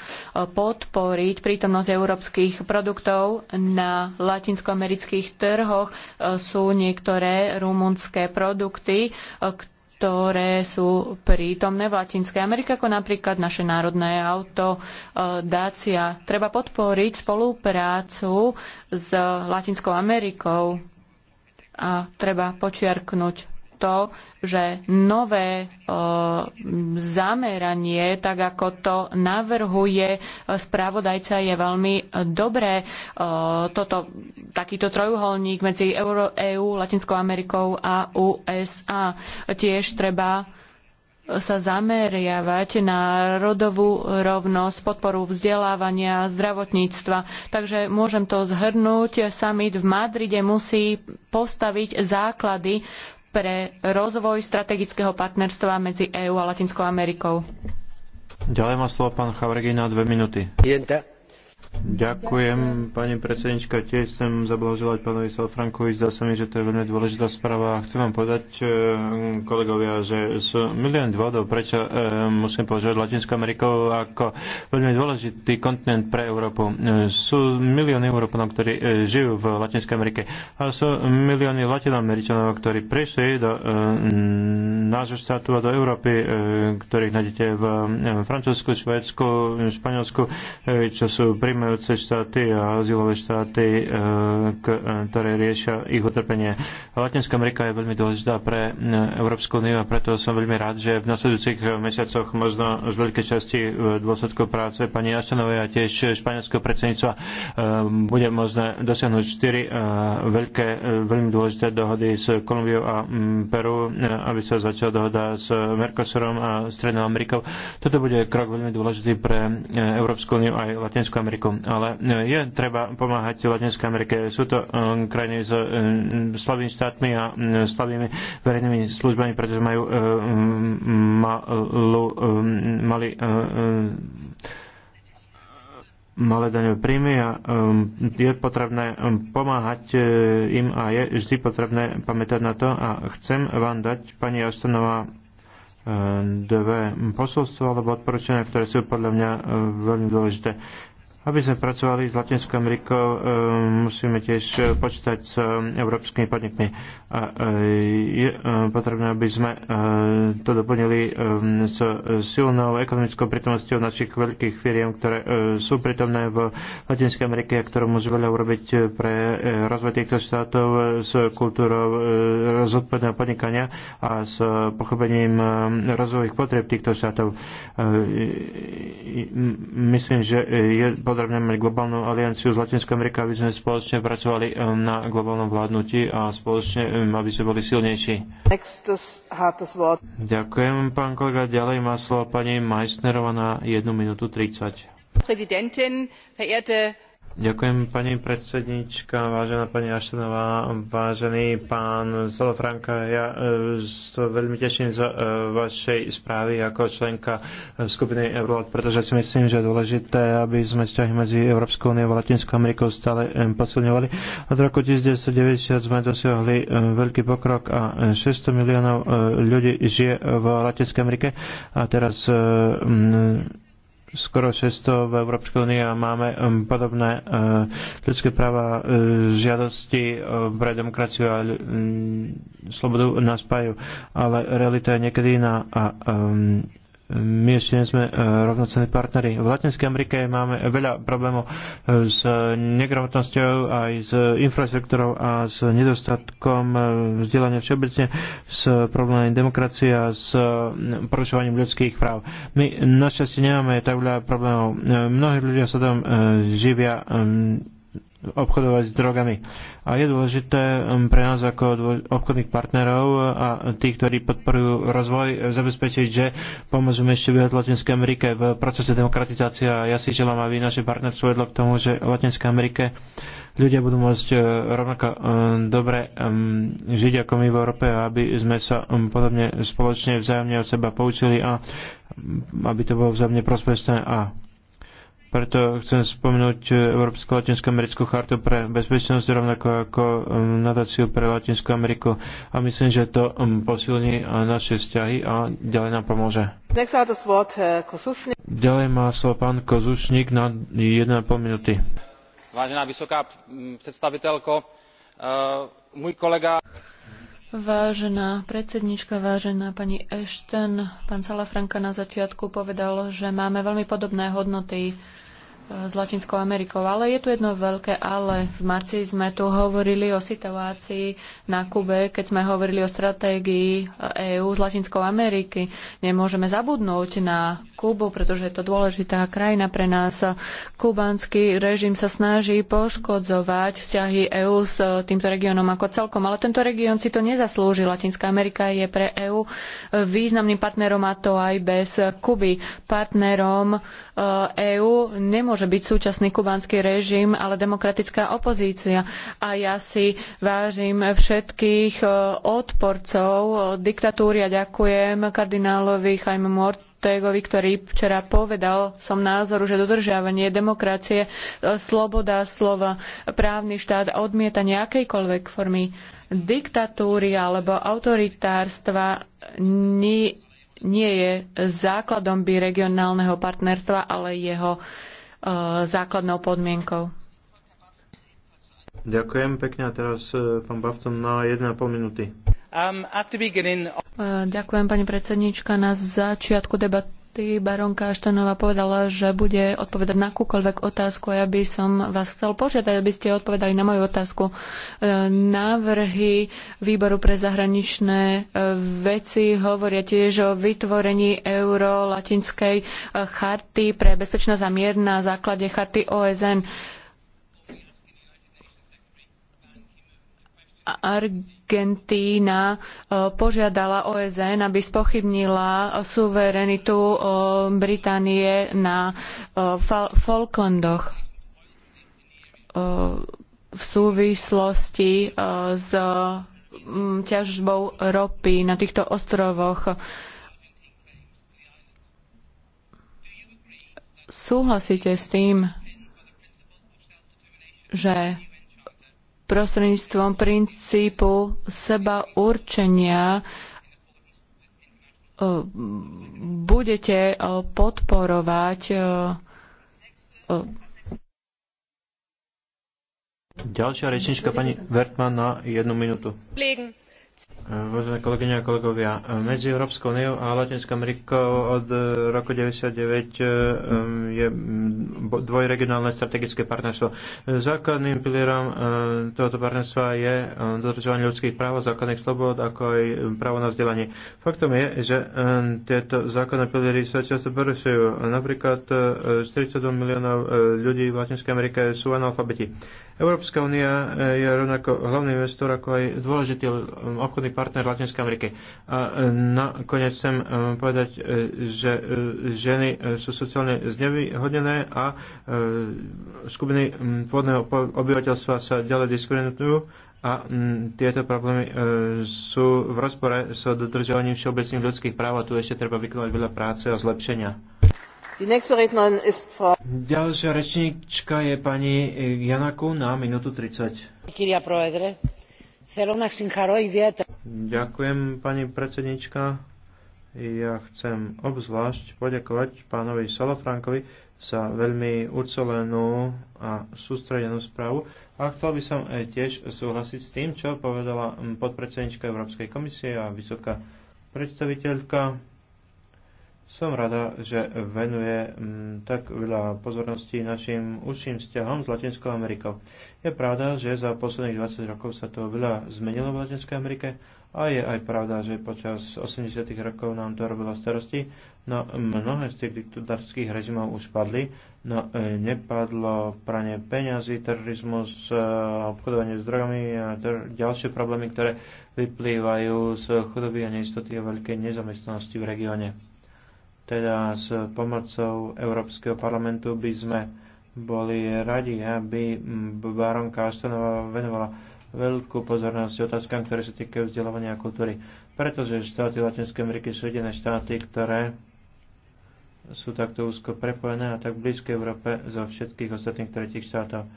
podporiť prítomnosť európskych produktov na latinskoamerických trhoch. Sú niektoré rumunské produkty, ktoré sú prítomné v Latinskej Amerike, ako napríklad naše národné auto Dacia. Treba podporiť spoluprácu s Latinskou Amerikou a treba počiarknúť to, že nové e, zameranie, tak ako to navrhuje e, spravodajca, je veľmi dobré. E, toto, takýto trojuholník medzi EU, e Latinskou Amerikou a USA tiež treba sa zameriavať na rodovú rovnosť, podporu vzdelávania, zdravotníctva. Takže môžem to zhrnúť. Summit v Madride musí postaviť základy pre rozvoj strategického partnerstva medzi EÚ a Latinskou Amerikou. Ďalej má slovo pán Chavregina dve minúty. Jenta. Ďakujem, pani predsednička. Tiež chcem zablahoželať pánovi Salfrankovi. Zdá sa mi, že to je veľmi dôležitá správa. Chcem vám povedať, eh, kolegovia, že z milión dôvodov, prečo eh, musím považovať Latinskou Amerikou ako veľmi dôležitý kontinent pre Európu. Eh, sú milióny Európanov, ktorí žijú v Latinskej Amerike. A sú milióny Latinoameričanov, ktorí prišli do nášho štátu a do Európy, ktorých nájdete v Francúzsku, Švédsku, Španielsku, čo sú prim príjmajúce štáty a azylové štáty, e, e, ktoré riešia ich utrpenie. Latinská Amerika je veľmi dôležitá pre e, Európsku úniu a preto som veľmi rád, že v nasledujúcich mesiacoch možno z veľkej časti v dôsledku práce pani Aštanovej a tiež španielského predsedníctva bude možné dosiahnuť štyri veľké, veľmi dôležité dohody s Kolumbiou a Peru, aby sa začala dohoda s Mercosurom a Strednou Amerikou. Toto bude krok veľmi dôležitý pre Európsku úniu aj Latinskú Ameriku. Afriku. Ale e, je treba pomáhať Latinskej Amerike. Sú to e, krajiny s e, slabými štátmi a slabými verejnými službami, pretože majú malú, malý malé daňové príjmy a um, je potrebné pomáhať e, im a je vždy potrebné pamätať na to a chcem vám dať, pani e, dve posolstva alebo odporúčania, ktoré sú podľa mňa veľmi dôležité. Aby sme pracovali s Latinskou Amerikou, e, musíme tiež e, počítať s e, európskymi podnikmi. A je potrebné, aby sme to doplnili s silnou ekonomickou prítomnosťou našich veľkých firiem, ktoré sú prítomné v Latinskej Amerike a ktoré môžu veľa urobiť pre rozvoj týchto štátov s kultúrou zodpovedného podnikania a s pochopením rozvojových potrieb týchto štátov. Myslím, že je podrobne mať globálnu alianciu s Latinskou Amerikou, aby sme spoločne pracovali um, na globálnom vládnutí a spoločne, um, aby sme boli silnejší. Ďakujem, pán kolega. Ďalej má slovo pani Meissnerova na 1 minútu 30. Präsidentin, verehrte Ďakujem pani predsednička, vážená pani Aštenová, vážený pán Salafranka. Ja e, sa e, veľmi teším za e, vašej správy ako členka skupiny Eurolat, pretože si myslím, že je dôležité, aby sme vzťahy medzi Európskou úniou a Latinskou Amerikou stále e, posilňovali. Od roku 1990 sme dosiahli e, veľký pokrok a 600 miliónov ľudí žije v Latinskej Amerike a teraz e, skoro 600 v Európskej únii a máme um, podobné uh, ľudské práva uh, žiadosti uh, pre demokraciu a um, slobodu nás spájajú. Ale realita je niekedy iná a um, my ešte nie sme e, rovnocenní partneri. V Latinskej Amerike máme veľa problémov e, s negramotnosťou, aj s infraštruktúrou a s nedostatkom e, vzdelania všeobecne, s problémami demokracie a s porušovaním ľudských práv. My našťastie nemáme tak veľa problémov. Mnohí ľudia sa tam živia obchodovať s drogami. A je dôležité um, pre nás ako obchodných partnerov a tých, ktorí podporujú rozvoj, eh, zabezpečiť, že pomôžeme ešte viac Latinskej Amerike v procese demokratizácie. A ja si želám, aby naše partnerstvo vedlo k tomu, že v Latinskej Amerike ľudia budú môcť eh, rovnako eh, dobre žiť ako my v Európe, aby sme sa podobne spoločne vzájomne od seba poučili a aby to bolo vzájomne prospešné a preto chcem spomenúť e, Európsku latinsko americkú chartu pre bezpečnosť, rovnako ako nadáciu pre Latinskú Ameriku. A myslím, že to posilní e, naše vzťahy a ďalej nám pomôže. Ďalej má slovo pán Kozušník na 1,5 minúty. Vážená vysoká predstaviteľko, e, môj kolega... Vážená predsednička, vážená pani Ešten, pán Salafranka na začiatku povedal, že máme veľmi podobné hodnoty s Latinskou Amerikou. Ale je tu jedno veľké ale. V marci sme tu hovorili o situácii na Kube, keď sme hovorili o stratégii EÚ s Latinskou Ameriky. Nemôžeme zabudnúť na Kubu, pretože je to dôležitá krajina pre nás. Kubanský režim sa snaží poškodzovať vzťahy EÚ s týmto regiónom ako celkom, ale tento región si to nezaslúži. Latinská Amerika je pre EÚ významným partnerom a to aj bez Kuby. Partnerom EÚ e nemôže byť súčasný kubánsky režim, ale demokratická opozícia. A ja si vážim všetkých e, odporcov diktatúry a ďakujem kardinálovi Chajmu Mort Ortegovi, ktorý včera povedal som názoru, že dodržiavanie demokracie, e, sloboda slova, právny štát a odmietanie akejkoľvek formy diktatúry alebo autoritárstva ni, nie je základom by regionálneho partnerstva, ale jeho e, základnou podmienkou. Ďakujem pekne a teraz e, pán Bafton na 1,5 minúty. Um, beginning... Ďakujem, pani predsednička. Na začiatku debaty Vždy baronka Štanová povedala, že bude odpovedať na akúkoľvek otázku a ja by som vás chcel požiadať, aby ste odpovedali na moju otázku. E, návrhy Výboru pre zahraničné e, veci hovoria tiež o vytvorení euro-latinskej e, charty pre bezpečnosť a mier na základe charty OSN. Ar- Argentína e, požiadala OSN, aby spochybnila suverenitu e, Británie na e, Falklandoch v súvislosti s ťažbou ropy na týchto ostrovoch. Súhlasíte s tým, že prostredníctvom princípu seba určenia e, budete e, podporovať e, Ďalšia rečnička pani Vertman na jednu minútu. Vážené kolegyne a kolegovia, medzi Európskou úniou a Latinskou Amerikou od e, roku 1999 e, je dvojregionálne strategické partnerstvo. Základným pilierom e, tohoto partnerstva je dodržovanie ľudských práv a základných slobod, ako aj právo na vzdelanie. Faktom je, že tieto základné piliery sa často porušujú. Napríklad 42 miliónov ľudí v Latinskej Amerike sú analfabeti. Európska únia je rovnako hlavný investor, ako aj dôležitý obchodný partner Latinskej Amerike. A e, nakoniec chcem e, povedať, e, že ženy sú sociálne znevýhodnené a skupiny pôvodného obyvateľstva sa ďalej diskriminujú a tieto problémy sú v rozpore s dodržovaním všeobecných ľudských práv a tu ešte treba vykonať veľa práce a zlepšenia. Ďalšia rečníčka je pani Janaku na minútu 30. Ďakujem, pani predsednička. Ja chcem obzvlášť poďakovať pánovi Salafrankovi za veľmi ucelenú a sústredenú správu. A chcel by som eh, tiež súhlasiť s tým, čo povedala mm, podpredsednička Európskej komisie a vysoká predstaviteľka som rada, že venuje mm, tak veľa pozornosti našim užším vzťahom s Latinskou Amerikou. Je pravda, že za posledných 20 rokov sa to veľa zmenilo v Latinskej Amerike a je aj pravda, že počas 80. rokov nám to robilo starosti, no mnohé z tých diktatárskych režimov už padli, no e, nepadlo pranie peňazí, terorizmus, e, obchodovanie s drogami a ďalšie problémy, ktoré vyplývajú z chudoby a neistoty a veľkej nezamestnanosti v regióne. Teda s pomocou Európskeho parlamentu by sme boli radi, aby baronka Aštonová venovala veľkú pozornosť otázkam, ktoré sa týkajú vzdelávania a kultúry. Pretože štáty Latinskej Ameriky sú jediné štáty, ktoré sú takto úzko prepojené a tak blízke Európe zo všetkých ostatných tretich štátov. E,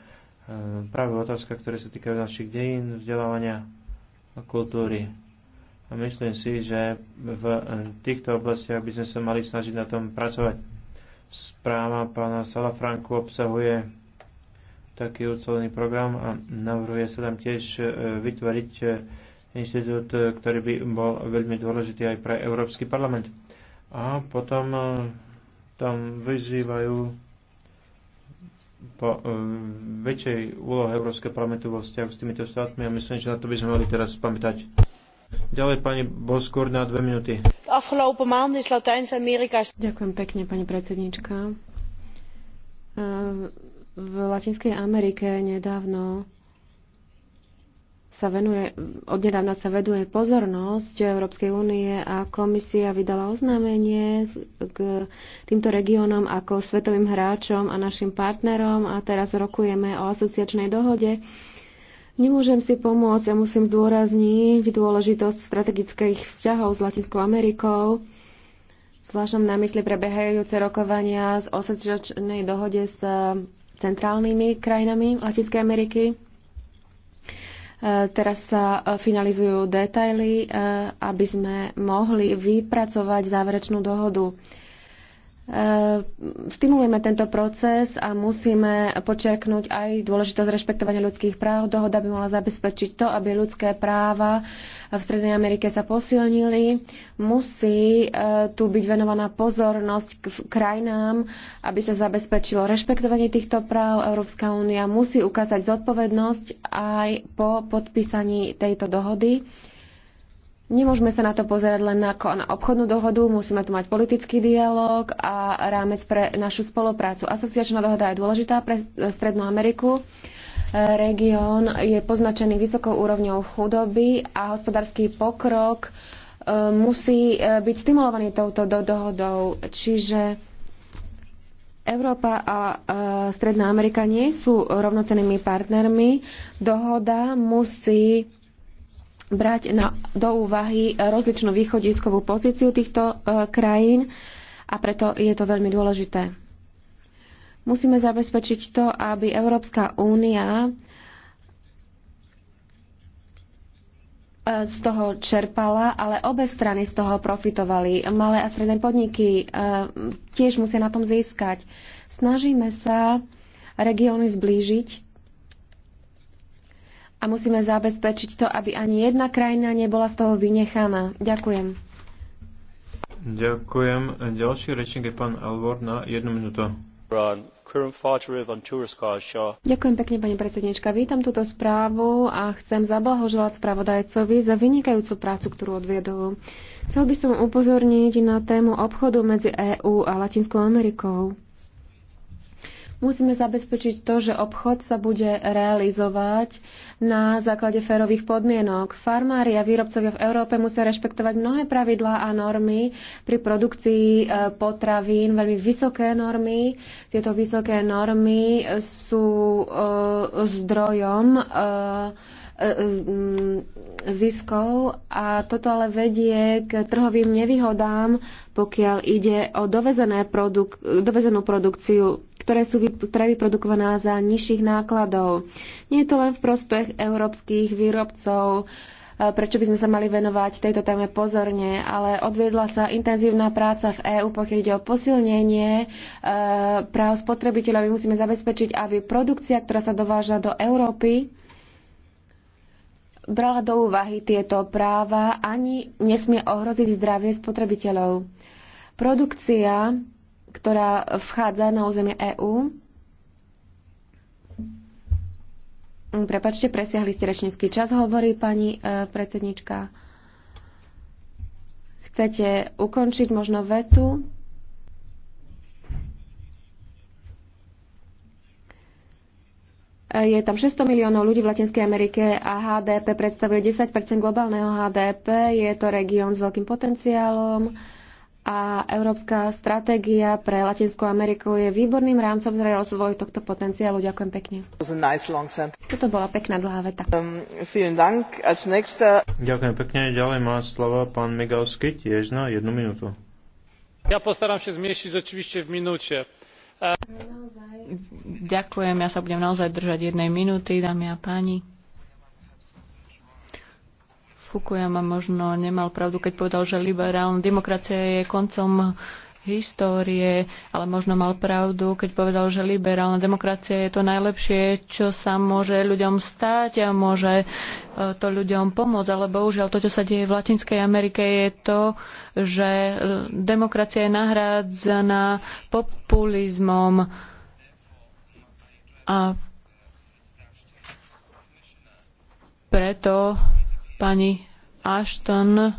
práve otázka, ktoré sa týkajú našich dejín, vzdelávania a kultúry. Myslím si, že v týchto oblastiach by sme sa mali snažiť na tom pracovať. Správa pána Salafranku obsahuje taký ucelený program a navrhuje sa tam tiež e, vytvoriť e, inštitút, e, ktorý by bol veľmi dôležitý aj pre Európsky parlament. A potom tam vyzývajú po väčšej úlohe Európskeho parlamentu vo vzťahu s týmito štátmi a myslím, že na to by sme mali teraz pamätať. Ďalej pani Boskor na dve minúty. Ďakujem pekne, pani predsednička. E, v Latinskej Amerike nedávno sa venuje, od nedávna sa veduje pozornosť Európskej únie a komisia vydala oznámenie k týmto regiónom ako svetovým hráčom a našim partnerom a teraz rokujeme o asociačnej dohode Nemôžem si pomôcť a musím zdôrazniť dôležitosť strategických vzťahov s Latinskou Amerikou. Zvlášť na mysli prebehajúce rokovania z osečnej dohode s eh, centrálnymi krajinami Latinskej Ameriky. Eh, teraz sa eh, finalizujú detaily, aby sme mohli vypracovať záverečnú dohodu. Eh, stimulujeme tento proces a musíme počerknúť aj dôležitosť rešpektovania ľudských práv. Dohoda by mala zabezpečiť to, aby ľudské práva v Strednej Amerike sa posilnili. Musí eh, tu byť venovaná pozornosť k krajinám, aby sa zabezpečilo rešpektovanie týchto práv. Európska únia musí ukázať zodpovednosť aj po podpísaní tejto dohody Nemôžeme sa na to pozerať len ako na obchodnú dohodu, musíme tu mať politický dialog a rámec pre našu spoluprácu. Asociačná dohoda je dôležitá pre Strednú Ameriku. Región je poznačený vysokou úrovňou chudoby a hospodársky pokrok e, musí e, byť stimulovaný touto dohodou. Čiže Európa a e, Stredná Amerika nie sú rovnocenými partnermi. Dohoda musí brať na, do úvahy rozličnú východiskovú pozíciu týchto e, krajín a preto je to veľmi dôležité. Musíme zabezpečiť to, aby Európska únia e, z toho čerpala, ale obe strany z toho profitovali. Malé a stredné podniky e, tiež musia na tom získať. Snažíme sa regióny zblížiť a musíme zabezpečiť to, aby ani jedna krajina nebola z toho vynechaná. Ďakujem. Ďakujem. Ďalší rečník je pán Alvor na jednu minútu. Ďakujem pekne, pani predsednička. Vítam túto správu a chcem zablahoželať spravodajcovi za vynikajúcu prácu, ktorú odviedol. Chcel by som upozorniť na tému obchodu medzi EÚ a Latinskou Amerikou. Musíme zabezpečiť to, že obchod sa bude realizovať na základe férových podmienok. Farmári a výrobcovia v Európe musia rešpektovať mnohé pravidlá a normy pri produkcii e, potravín, veľmi vysoké normy. Tieto vysoké normy sú e, zdrojom e, E, e, mm, ziskov a toto ale vedie k trhovým nevýhodám, pokiaľ ide o dovezené produk- dovezenú produkciu, ktoré sú ktoré vyprodukovaná za nižších nákladov. Nie je to len v prospech európskych výrobcov, e, prečo by sme sa mali venovať tejto téme pozorne, ale odviedla sa intenzívna práca v EÚ, pokiaľ ide o posilnenie práv spotrebiteľov. My musíme zabezpečiť, aby produkcia, ktorá sa dováža do Európy, brala do úvahy tieto práva, ani nesmie ohroziť zdravie spotrebiteľov. Produkcia, ktorá vchádza na územie EÚ, Prepačte, presiahli ste rečnícky čas, hovorí pani e, predsednička. Chcete ukončiť možno vetu? Je tam 600 miliónov ľudí v Latinskej Amerike a HDP predstavuje 10 globálneho HDP. Je to región s veľkým potenciálom a Európska stratégia pre Latinskú Ameriku je výborným rámcom pre rozvoj tohto potenciálu. Ďakujem pekne. Toto bola pekná dlhá veta. Um, Ďakujem pekne. Ďalej má slovo pán Migalsky tiež na jednu minútu. Ja postaram sa zmiešiť očivište v minúte. Ďakujem, ja sa budem naozaj držať jednej minúty, dámy a páni. Fukuyama možno nemal pravdu, keď povedal, že liberálna demokracia je koncom histórie, ale možno mal pravdu, keď povedal, že liberálna demokracia je to najlepšie, čo sa môže ľuďom stať a môže e, to ľuďom pomôcť. Ale bohužiaľ to, čo sa deje v Latinskej Amerike, je to, že e, demokracia je nahrádzaná populizmom a preto pani Ashton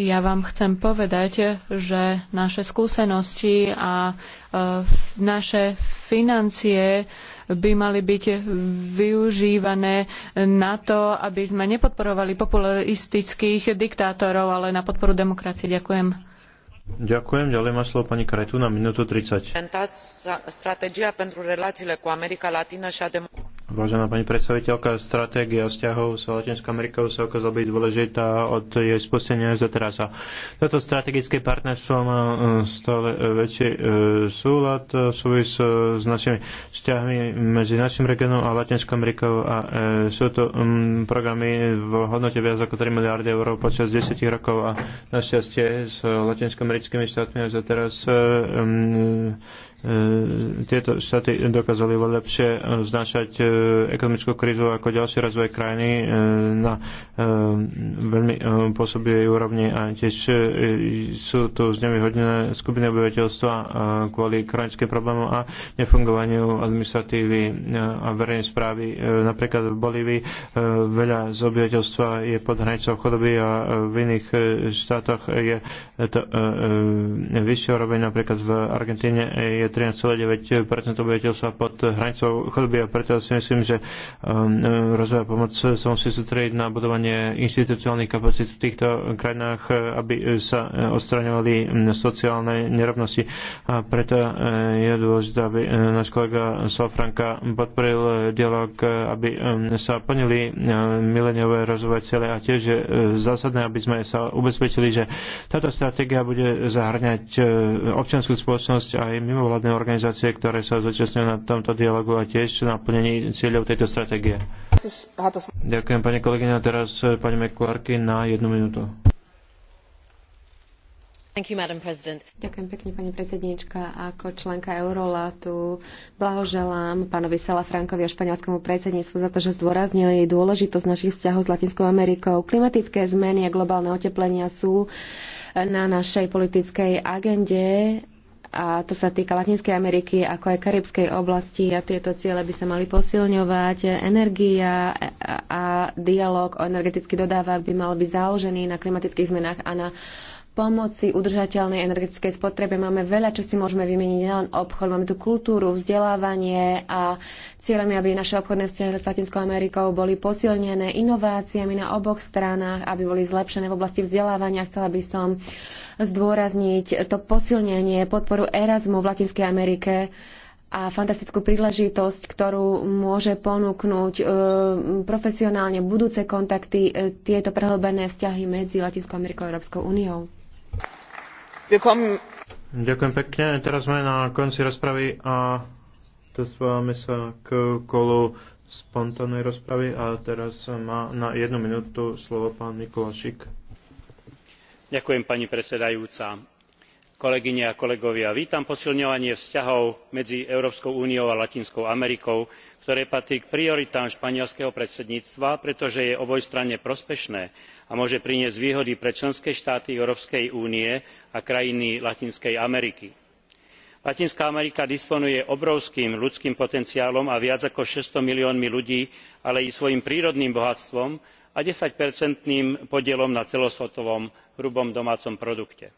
Ja vám chcem povedať, že naše skúsenosti a e, naše financie by mali byť využívané na to, aby sme nepodporovali populistických diktátorov, ale na podporu demokracie. Ďakujem. Ďakujem. Ďalej má slovo pani Kretu na minútu 30. Stratégia pentru relațiile cu America Latină și a Vážená pani predstaviteľka, stratégia vzťahov s Latinskou Amerikou sa ukázala byť dôležitá od jej spustenia až do teraz. toto strategické partnerstvo má e, stále e, väčší e, súlad v súvis s našimi vzťahmi medzi našim regiónom a Latinskou Amerikou a sú to programy v hodnote viac ako 3 miliardy eur počas 10 rokov a našťastie s latinskoamerickými štátmi až do teraz E, tieto štáty dokázali lepšie e, znášať e, ekonomickú krízu ako ďalšie rozvoje krajiny na veľmi pôsobivej úrovni a tiež sú tu znevýhodnené skupiny obyvateľstva kvôli chronickým problémom a nefungovaniu administratívy a verejnej správy. Napríklad v Bolívii veľa z obyvateľstva je pod hranicou chodoby a v iných štátoch je to vyššie úroveň, napríklad v Argentíne je 13,9 obyvateľstva pod hranicou chodby a preto si myslím, že um, rozvoj pomoc sa musí sústrediť na budovanie inštitucionálnych kapacít v týchto krajinách, aby sa odstraňovali sociálne nerovnosti. A preto uh, je dôležité, aby uh, náš kolega Salfranka podporil dialog, uh, aby um, sa plnili mileniové rozvojové ciele a tiež je zásadné, aby sme sa ubezpečili, že táto stratégia bude zahrňať občianskú spoločnosť aj mimo mimovládne organizácie, ktoré sa zúčastňujú na tomto dialogu a tiež naplnení cieľov tejto stratégie. Ďakujem pani kolegyňa. Teraz eh, pani McClarky na jednu minútu. Ďakujem pekne, pani predsedníčka. Ako členka Eurolatu blahoželám pánovi Salafrankovi a španielskému predsedníctvu za to, že zdôraznili dôležitosť našich vzťahov s Latinskou Amerikou. Klimatické zmeny a globálne oteplenia sú na našej politickej agende a to sa týka Latinskej Ameriky, ako aj Karibskej oblasti a tieto ciele by sa mali posilňovať. Energia a dialog o energetických dodávach by mal byť založený na klimatických zmenách a na pomoci udržateľnej energetickej spotrebe. Máme veľa, čo si môžeme vymeniť, nielen obchod, máme tu kultúru, vzdelávanie a cieľom je, aby naše obchodné vzťahy s Latinskou Amerikou boli posilnené inováciami na oboch stranách, aby boli zlepšené v oblasti vzdelávania. Chcela by som uh, zdôrazniť to posilnenie podporu Erasmu v Latinskej Amerike a fantastickú príležitosť, ktorú môže ponúknuť e, profesionálne budúce kontakty, e, tieto prehlbené vzťahy medzi Latinskou Amerikou a Európskou úniou. Ďakujem pekne. Teraz sme na konci rozpravy a dostávame sa k kolu spontánnej rozpravy a teraz má na jednu minútu slovo pán Mikulášik vítam posilňovanie vzťahov medzi európskou úniou a latinskou amerikou ktoré patrí k prioritám španielskeho predsedníctva pretože je obojstranne prospešné a môže priniesť výhody pre členské štáty európskej únie a krajiny latinskej ameriky. latinská amerika disponuje obrovským ľudským potenciálom a viac ako six hundred miliónmi ľudí ale i svojím prírodným bohatstvom ktoré sa dá využiť na plodotvornú a ten podielom na celosvetovom hrubom domácom produkte.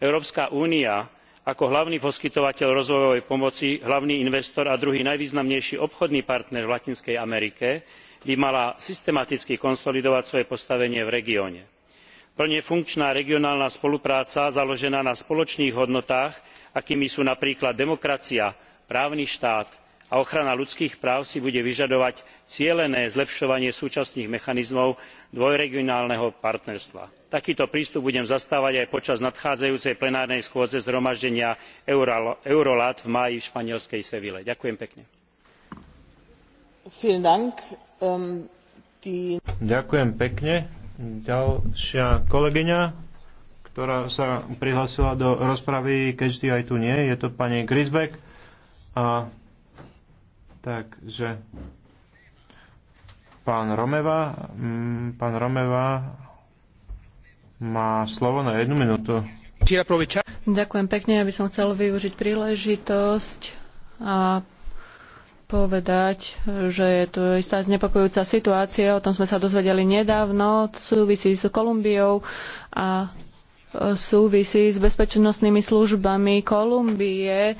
európska únia ako hlavný poskytovateľ rozvojovej pomoci hlavný investor a druhý najvýznamnejší obchodný partner v latinskej amerike by mala systematicky konsolidovať svoje postavenie v regióne. plne funkčná regionálna spolupráca založená na spoločných hodnotách akými sú napríklad demokracia právny štát a ochrana ľudských práv si bude vyžadovať cielené zlepšovanie súčasných mechanizmov dvojregionálneho partnerstva. takýto prístup budem zastávať aj počas nadchádzajúcej plenárnej schôdze zhromaždenia eurolat v máji v španielskej sevile. ďakujem pekne. Ähm, ďakujem pekne. Ďalšia kolegyňa ktorá sa prihlásila do rozpravy, keďže aj tu nie. Je to pani Grisbeck a Takže pán Romeva, mm, pán Romeva má slovo na jednu minútu. Ďakujem pekne, aby som chcel využiť príležitosť a povedať, že je to istá znepokojúca situácia, o tom sme sa dozvedeli nedávno, súvisí s Kolumbiou a súvisí s bezpečnostnými službami Kolumbie eh,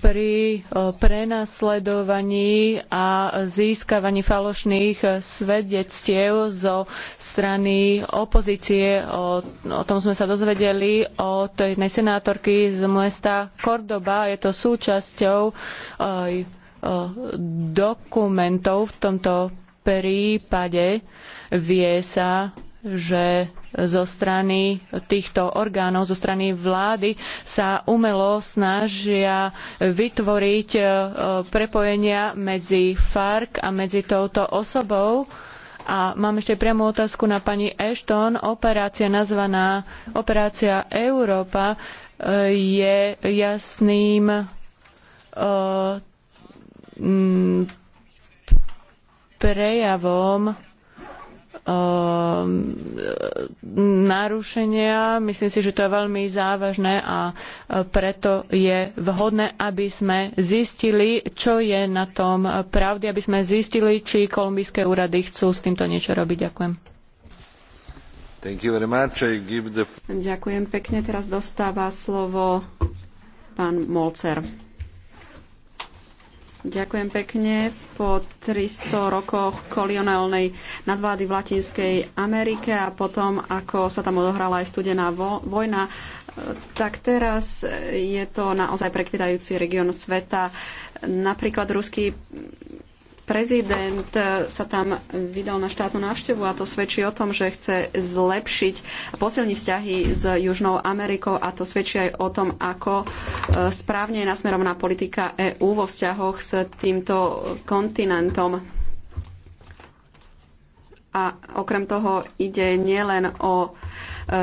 pri eh, prenasledovaní a získavaní falošných eh, svedectiev zo strany opozície. O, o tom sme sa dozvedeli od jednej senátorky z mesta Kordoba. Je to súčasťou aj dokumentov v tomto prípade. Vie sa že zo strany týchto orgánov, zo strany vlády sa umelo snažia vytvoriť e, prepojenia medzi FARC a medzi touto osobou. A mám ešte priamu otázku na pani Ashton. Operácia nazvaná Operácia Európa e, je jasným e, prejavom Um, e, narušenia. Myslím si, že to je veľmi závažné a e, preto je vhodné, aby sme zistili, čo je na tom pravdy, aby sme zistili, či kolumbijské úrady chcú s týmto niečo robiť. Ďakujem. The... Ďakujem pekne. Teraz dostáva slovo pán Molcer. Ďakujem pekne. Po 300 rokoch kolionálnej nadvlády v Latinskej Amerike a potom, ako sa tam odohrala aj studená vojna, e, tak teraz je to naozaj prekvitajúci región sveta. Napríklad ruský prezident e, sa tam vydal na štátnu návštevu a to svedčí o tom, že chce zlepšiť a posilniť vzťahy s Južnou Amerikou a to svedčí aj o tom, ako e, správne je nasmerovaná politika EÚ vo vzťahoch s týmto kontinentom. A okrem toho ide nielen o e,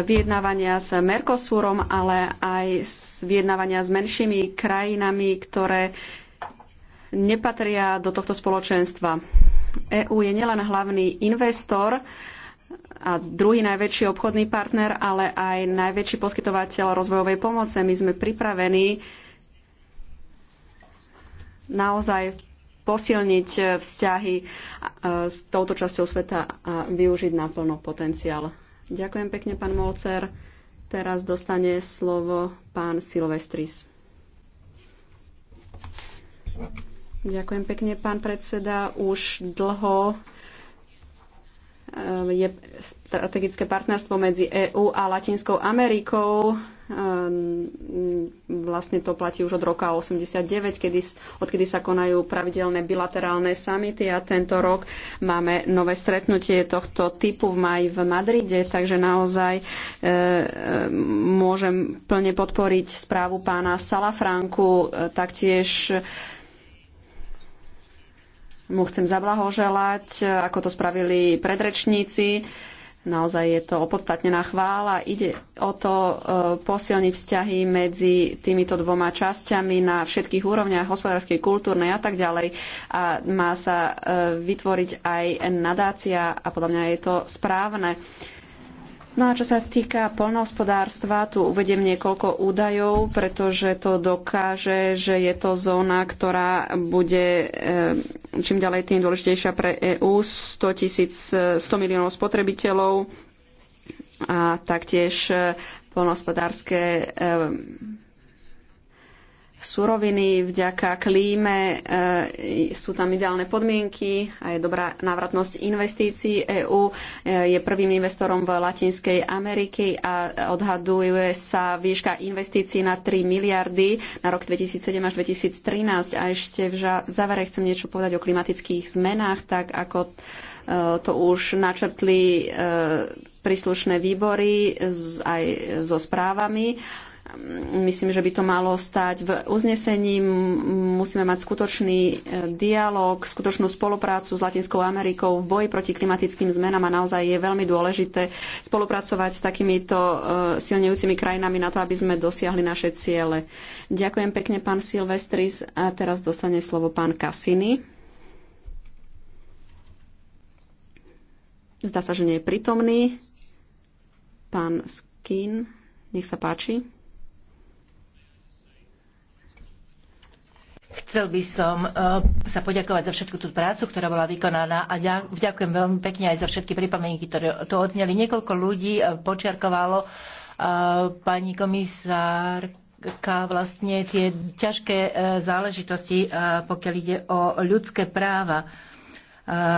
vyjednávania s Mercosurom, ale aj vyjednávania s menšími krajinami, ktoré nepatria do tohto spoločenstva. EÚ je nielen hlavný investor a druhý najväčší obchodný partner, ale aj najväčší poskytovateľ rozvojovej pomoci. My sme pripravení naozaj posilniť vzťahy e, s touto časťou sveta a využiť naplno potenciál. Ďakujem pekne, pán Molcer. Teraz dostane slovo pán Silvestris. Ďakujem pekne, pán predseda. Už dlho eh, je strategické partnerstvo medzi EÚ a Latinskou Amerikou. Eh, vlastne to platí už od roka 89, kedy, odkedy sa konajú pravidelné bilaterálne samity a tento rok máme nové stretnutie tohto typu v maji v Madride, takže naozaj e, môžem plne podporiť správu pána Salafranku, taktiež mu chcem zablahoželať, e, ako to spravili predrečníci. Naozaj je to opodstatnená chvála. Ide o to e, posilniť vzťahy medzi týmito dvoma časťami na všetkých úrovniach, hospodárskej, kultúrnej a tak ďalej. A má sa e, vytvoriť aj nadácia a podľa mňa je to správne. No a čo sa týka polnohospodárstva, tu uvediem niekoľko údajov, pretože to dokáže, že je to zóna, ktorá bude eh, čím ďalej tým dôležitejšia pre EÚ. 100, 100 miliónov spotrebiteľov a taktiež eh, polnohospodárske eh, suroviny, vďaka klíme e, sú tam ideálne podmienky a je dobrá návratnosť investícií. EÚ e, je prvým investorom v Latinskej Amerike a odhaduje sa výška investícií na 3 miliardy na rok 2007 až 2013. A ešte v závere chcem niečo povedať o klimatických zmenách, tak ako e, to už načrtli príslušné výbory aj so správami Myslím, že by to malo stať v uznesení. Musíme mať skutočný e, dialog, skutočnú spoluprácu s Latinskou Amerikou v boji proti klimatickým zmenám a naozaj je veľmi dôležité spolupracovať s takýmito e, silnejúcimi krajinami na to, aby sme dosiahli naše ciele. Ďakujem pekne, pán Silvestris. A teraz dostane slovo pán Kasiny. Zdá sa, že nie je prítomný. Pán Skin, nech sa páči. Chcel by som e, sa poďakovať za všetku tú prácu, ktorá bola vykonaná a ďakujem veľmi pekne aj za všetky pripomienky, ktoré tu odzneli. Niekoľko ľudí e, počiarkovalo e, pani komisárka vlastne tie ťažké záležitosti, pokiaľ ide o ľudské práva.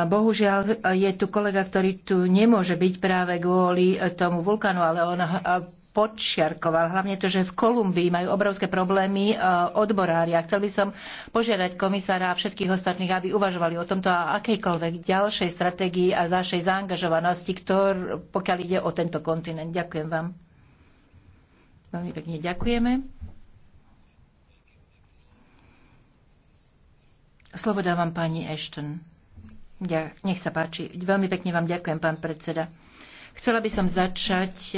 Bohužiaľ je tu kolega, ktorý tu nemôže byť práve kvôli tomu vulkánu, ale on podčiarkoval, hlavne to, že v Kolumbii majú obrovské problémy e, odborári. A chcel by som požiadať komisára a všetkých ostatných, aby uvažovali o tomto a akejkoľvek ďalšej stratégii a vašej zaangažovanosti, ktor, pokiaľ ide o tento kontinent. Ďakujem vám. Veľmi pekne ďakujeme. Slovo dávam pani Ashton. Nech sa páči. Veľmi pekne vám ďakujem, pán predseda. Chcela by som začať e,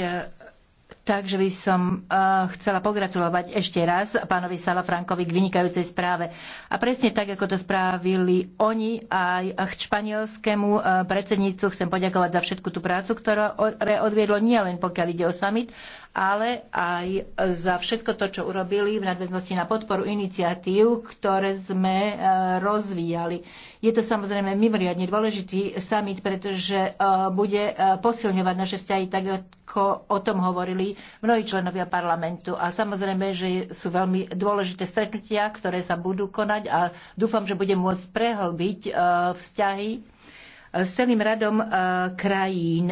Takže by som uh, chcela pogratulovať ešte raz pánovi Salafrankovi k vynikajúcej správe. A presne tak, ako to spravili oni, aj španielskému uh, eh, predsednícu chcem poďakovať za všetku tú prácu, ktorú odviedlo nielen pokiaľ ide o summit, ale aj za všetko to, čo urobili v nadväznosti na podporu iniciatív, ktoré sme e, rozvíjali. Je to samozrejme mimoriadne dôležitý summit, pretože e, bude e, posilňovať naše vzťahy tak, ako o tom hovorili mnohí členovia parlamentu. A samozrejme, že sú veľmi dôležité stretnutia, ktoré sa budú konať a dúfam, že budem môcť prehlbiť vzťahy s celým radom krajín,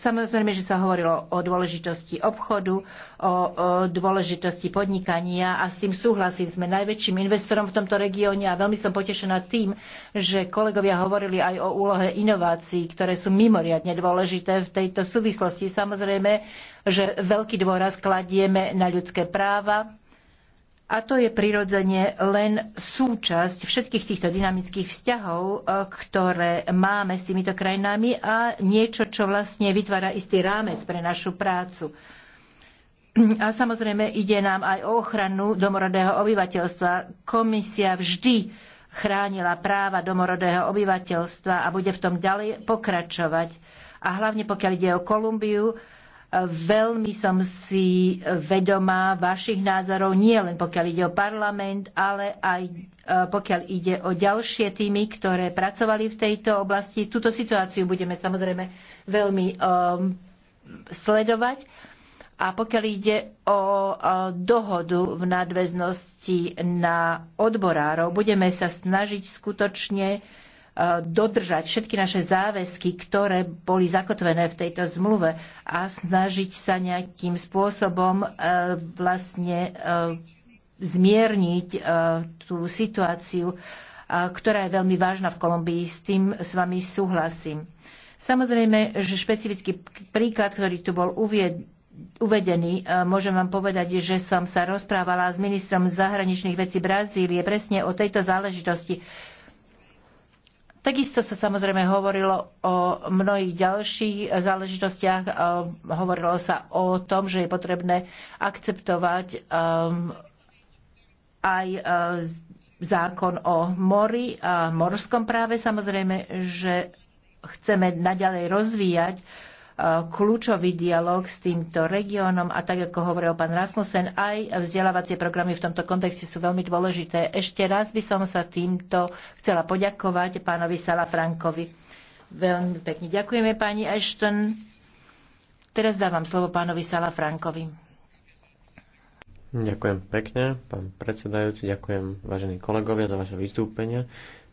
Samozrejme, že sa hovorilo o dôležitosti obchodu, o, dôležitosti podnikania a s tým súhlasím. Sme najväčším investorom v tomto regióne a veľmi som potešená tým, že kolegovia hovorili aj o úlohe inovácií, ktoré sú mimoriadne dôležité v tejto súvislosti. Samozrejme, že veľký dôraz kladieme na ľudské práva, a to je prirodzene len súčasť všetkých týchto dynamických vzťahov, eh, ktoré máme s týmito krajinami a niečo, čo vlastne vytvára istý rámec pre našu prácu. A samozrejme ide nám aj o ochranu domorodého obyvateľstva. Komisia vždy chránila práva domorodého obyvateľstva a bude v tom ďalej pokračovať. A hlavne pokiaľ ide o Kolumbiu, Veľmi som si vedomá vašich názorov, nie len pokiaľ ide o parlament, ale aj e, pokiaľ ide o ďalšie týmy, ktoré pracovali v tejto oblasti. Túto situáciu budeme samozrejme veľmi um, sledovať. A pokiaľ ide o e, dohodu v nadväznosti na odborárov, budeme sa snažiť skutočne E, dodržať všetky naše záväzky, ktoré boli zakotvené v tejto zmluve a snažiť sa nejakým spôsobom e, vlastne e, zmierniť tú situáciu, ktorá je veľmi vážna v Kolumbii. S tým s vami súhlasím. Samozrejme, že špecifický príklad, ktorý tu bol uvedený, môžem vám povedať, že som sa rozprávala s ministrom zahraničných vecí Brazílie presne o tejto záležitosti Takisto sa samozrejme hovorilo o mnohých ďalších záležitostiach. Ehm, hovorilo sa o tom, že je potrebné akceptovať ehm, aj e, zákon o mori a morskom práve. Samozrejme, že chceme naďalej rozvíjať kľúčový dialog s týmto regiónom a tak, ako hovoril pán Rasmussen, aj vzdelávacie programy v tomto kontexte sú veľmi dôležité. Ešte raz by som sa týmto chcela poďakovať pánovi Salafrankovi. Veľmi pekne ďakujeme pani Ashton. Teraz dávam slovo pánovi Salafrankovi. Ďakujem pekne, pán predsedajúci, ďakujem vážení kolegovia za vaše vystúpenie.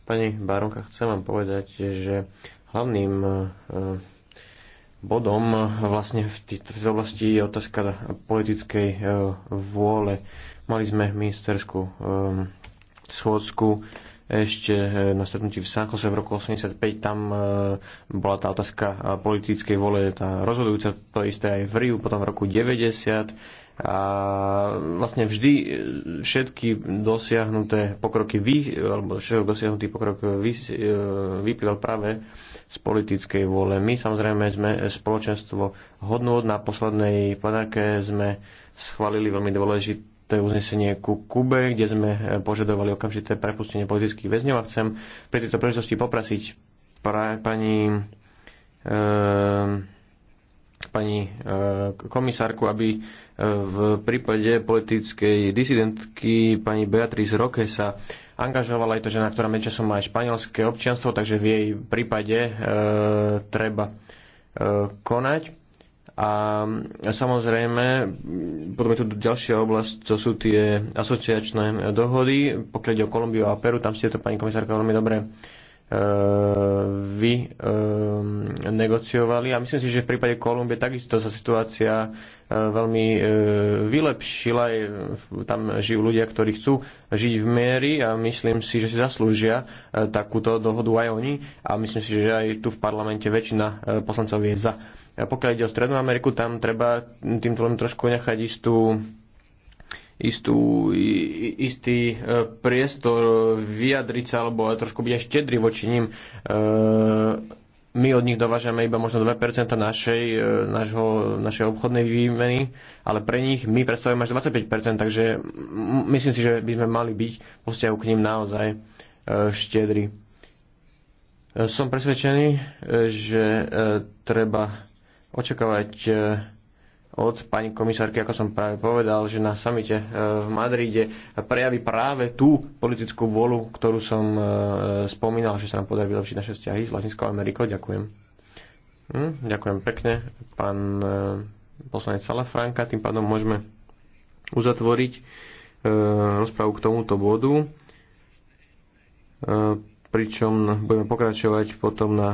Pani Baronka, chcem vám povedať, že hlavným eh, bodom vlastne v tejto oblasti je otázka politickej e, vôle. Mali sme ministerskú ehm, schôdzku ešte e, na stretnutí v Sankose v roku 85, tam e, bola tá otázka politickej vôle tá rozhodujúca, to isté aj v Riu, potom v roku 90 a vlastne vždy všetky dosiahnuté pokroky, vy, alebo všetok dosiahnutý pokrok vy, vyplýval práve z politickej vôle. My samozrejme sme spoločenstvo hodnôt. Na poslednej plenárke sme schválili veľmi dôležité uznesenie ku Kube, kde sme požadovali okamžité prepustenie politických väzňov a chcem pri tejto príležitosti poprasiť pra, pani e, pani e, komisárku, aby eh, v prípade politickej disidentky pani Beatrice Roke sa angažovala. aj to žena, ktorá medzičasom má aj španielské občianstvo, takže v jej prípade e, treba e, konať. A samozrejme, potom je tu ďalšia oblasť, to sú tie asociačné dohody. Pokiaľ ide o Kolumbiu a Peru, tam ste to, pani komisárka, veľmi dobre Eh, vynegociovali. Eh, a myslím si, že v prípade Kolumbie takisto sa situácia eh, veľmi vylepšila. Tam žijú ľudia, ktorí chcú žiť v miery a myslím si, že si zaslúžia takúto dohodu aj oni. A myslím si, že aj tu v parlamente väčšina poslancov je za. A pokiaľ ide o Strednú Ameriku, tam treba tým trošku nechať istú istú, istý e, priestor vyjadriť sa alebo trošku byť aj štedrý voči ním. E, my od nich dovážame iba možno 2% našej, e, našho, našej obchodnej výmeny, ale pre nich my predstavujeme až 25%, takže myslím si, že by sme mali byť vo vzťahu k ním naozaj štedrí. Som presvedčený, že treba očakávať od pani komisárky, ako som práve povedal, že na samite e, v Madride prejaví práve tú politickú volu, ktorú som e, spomínal, že sa nám podarí vylepšiť naše vzťahy s Latinskou Amerikou. Ďakujem. Hm, ďakujem pekne, pán e, poslanec Salafranka. Tým pádom môžeme uzatvoriť rozprávu k tomuto bodu pričom budeme pokračovať potom na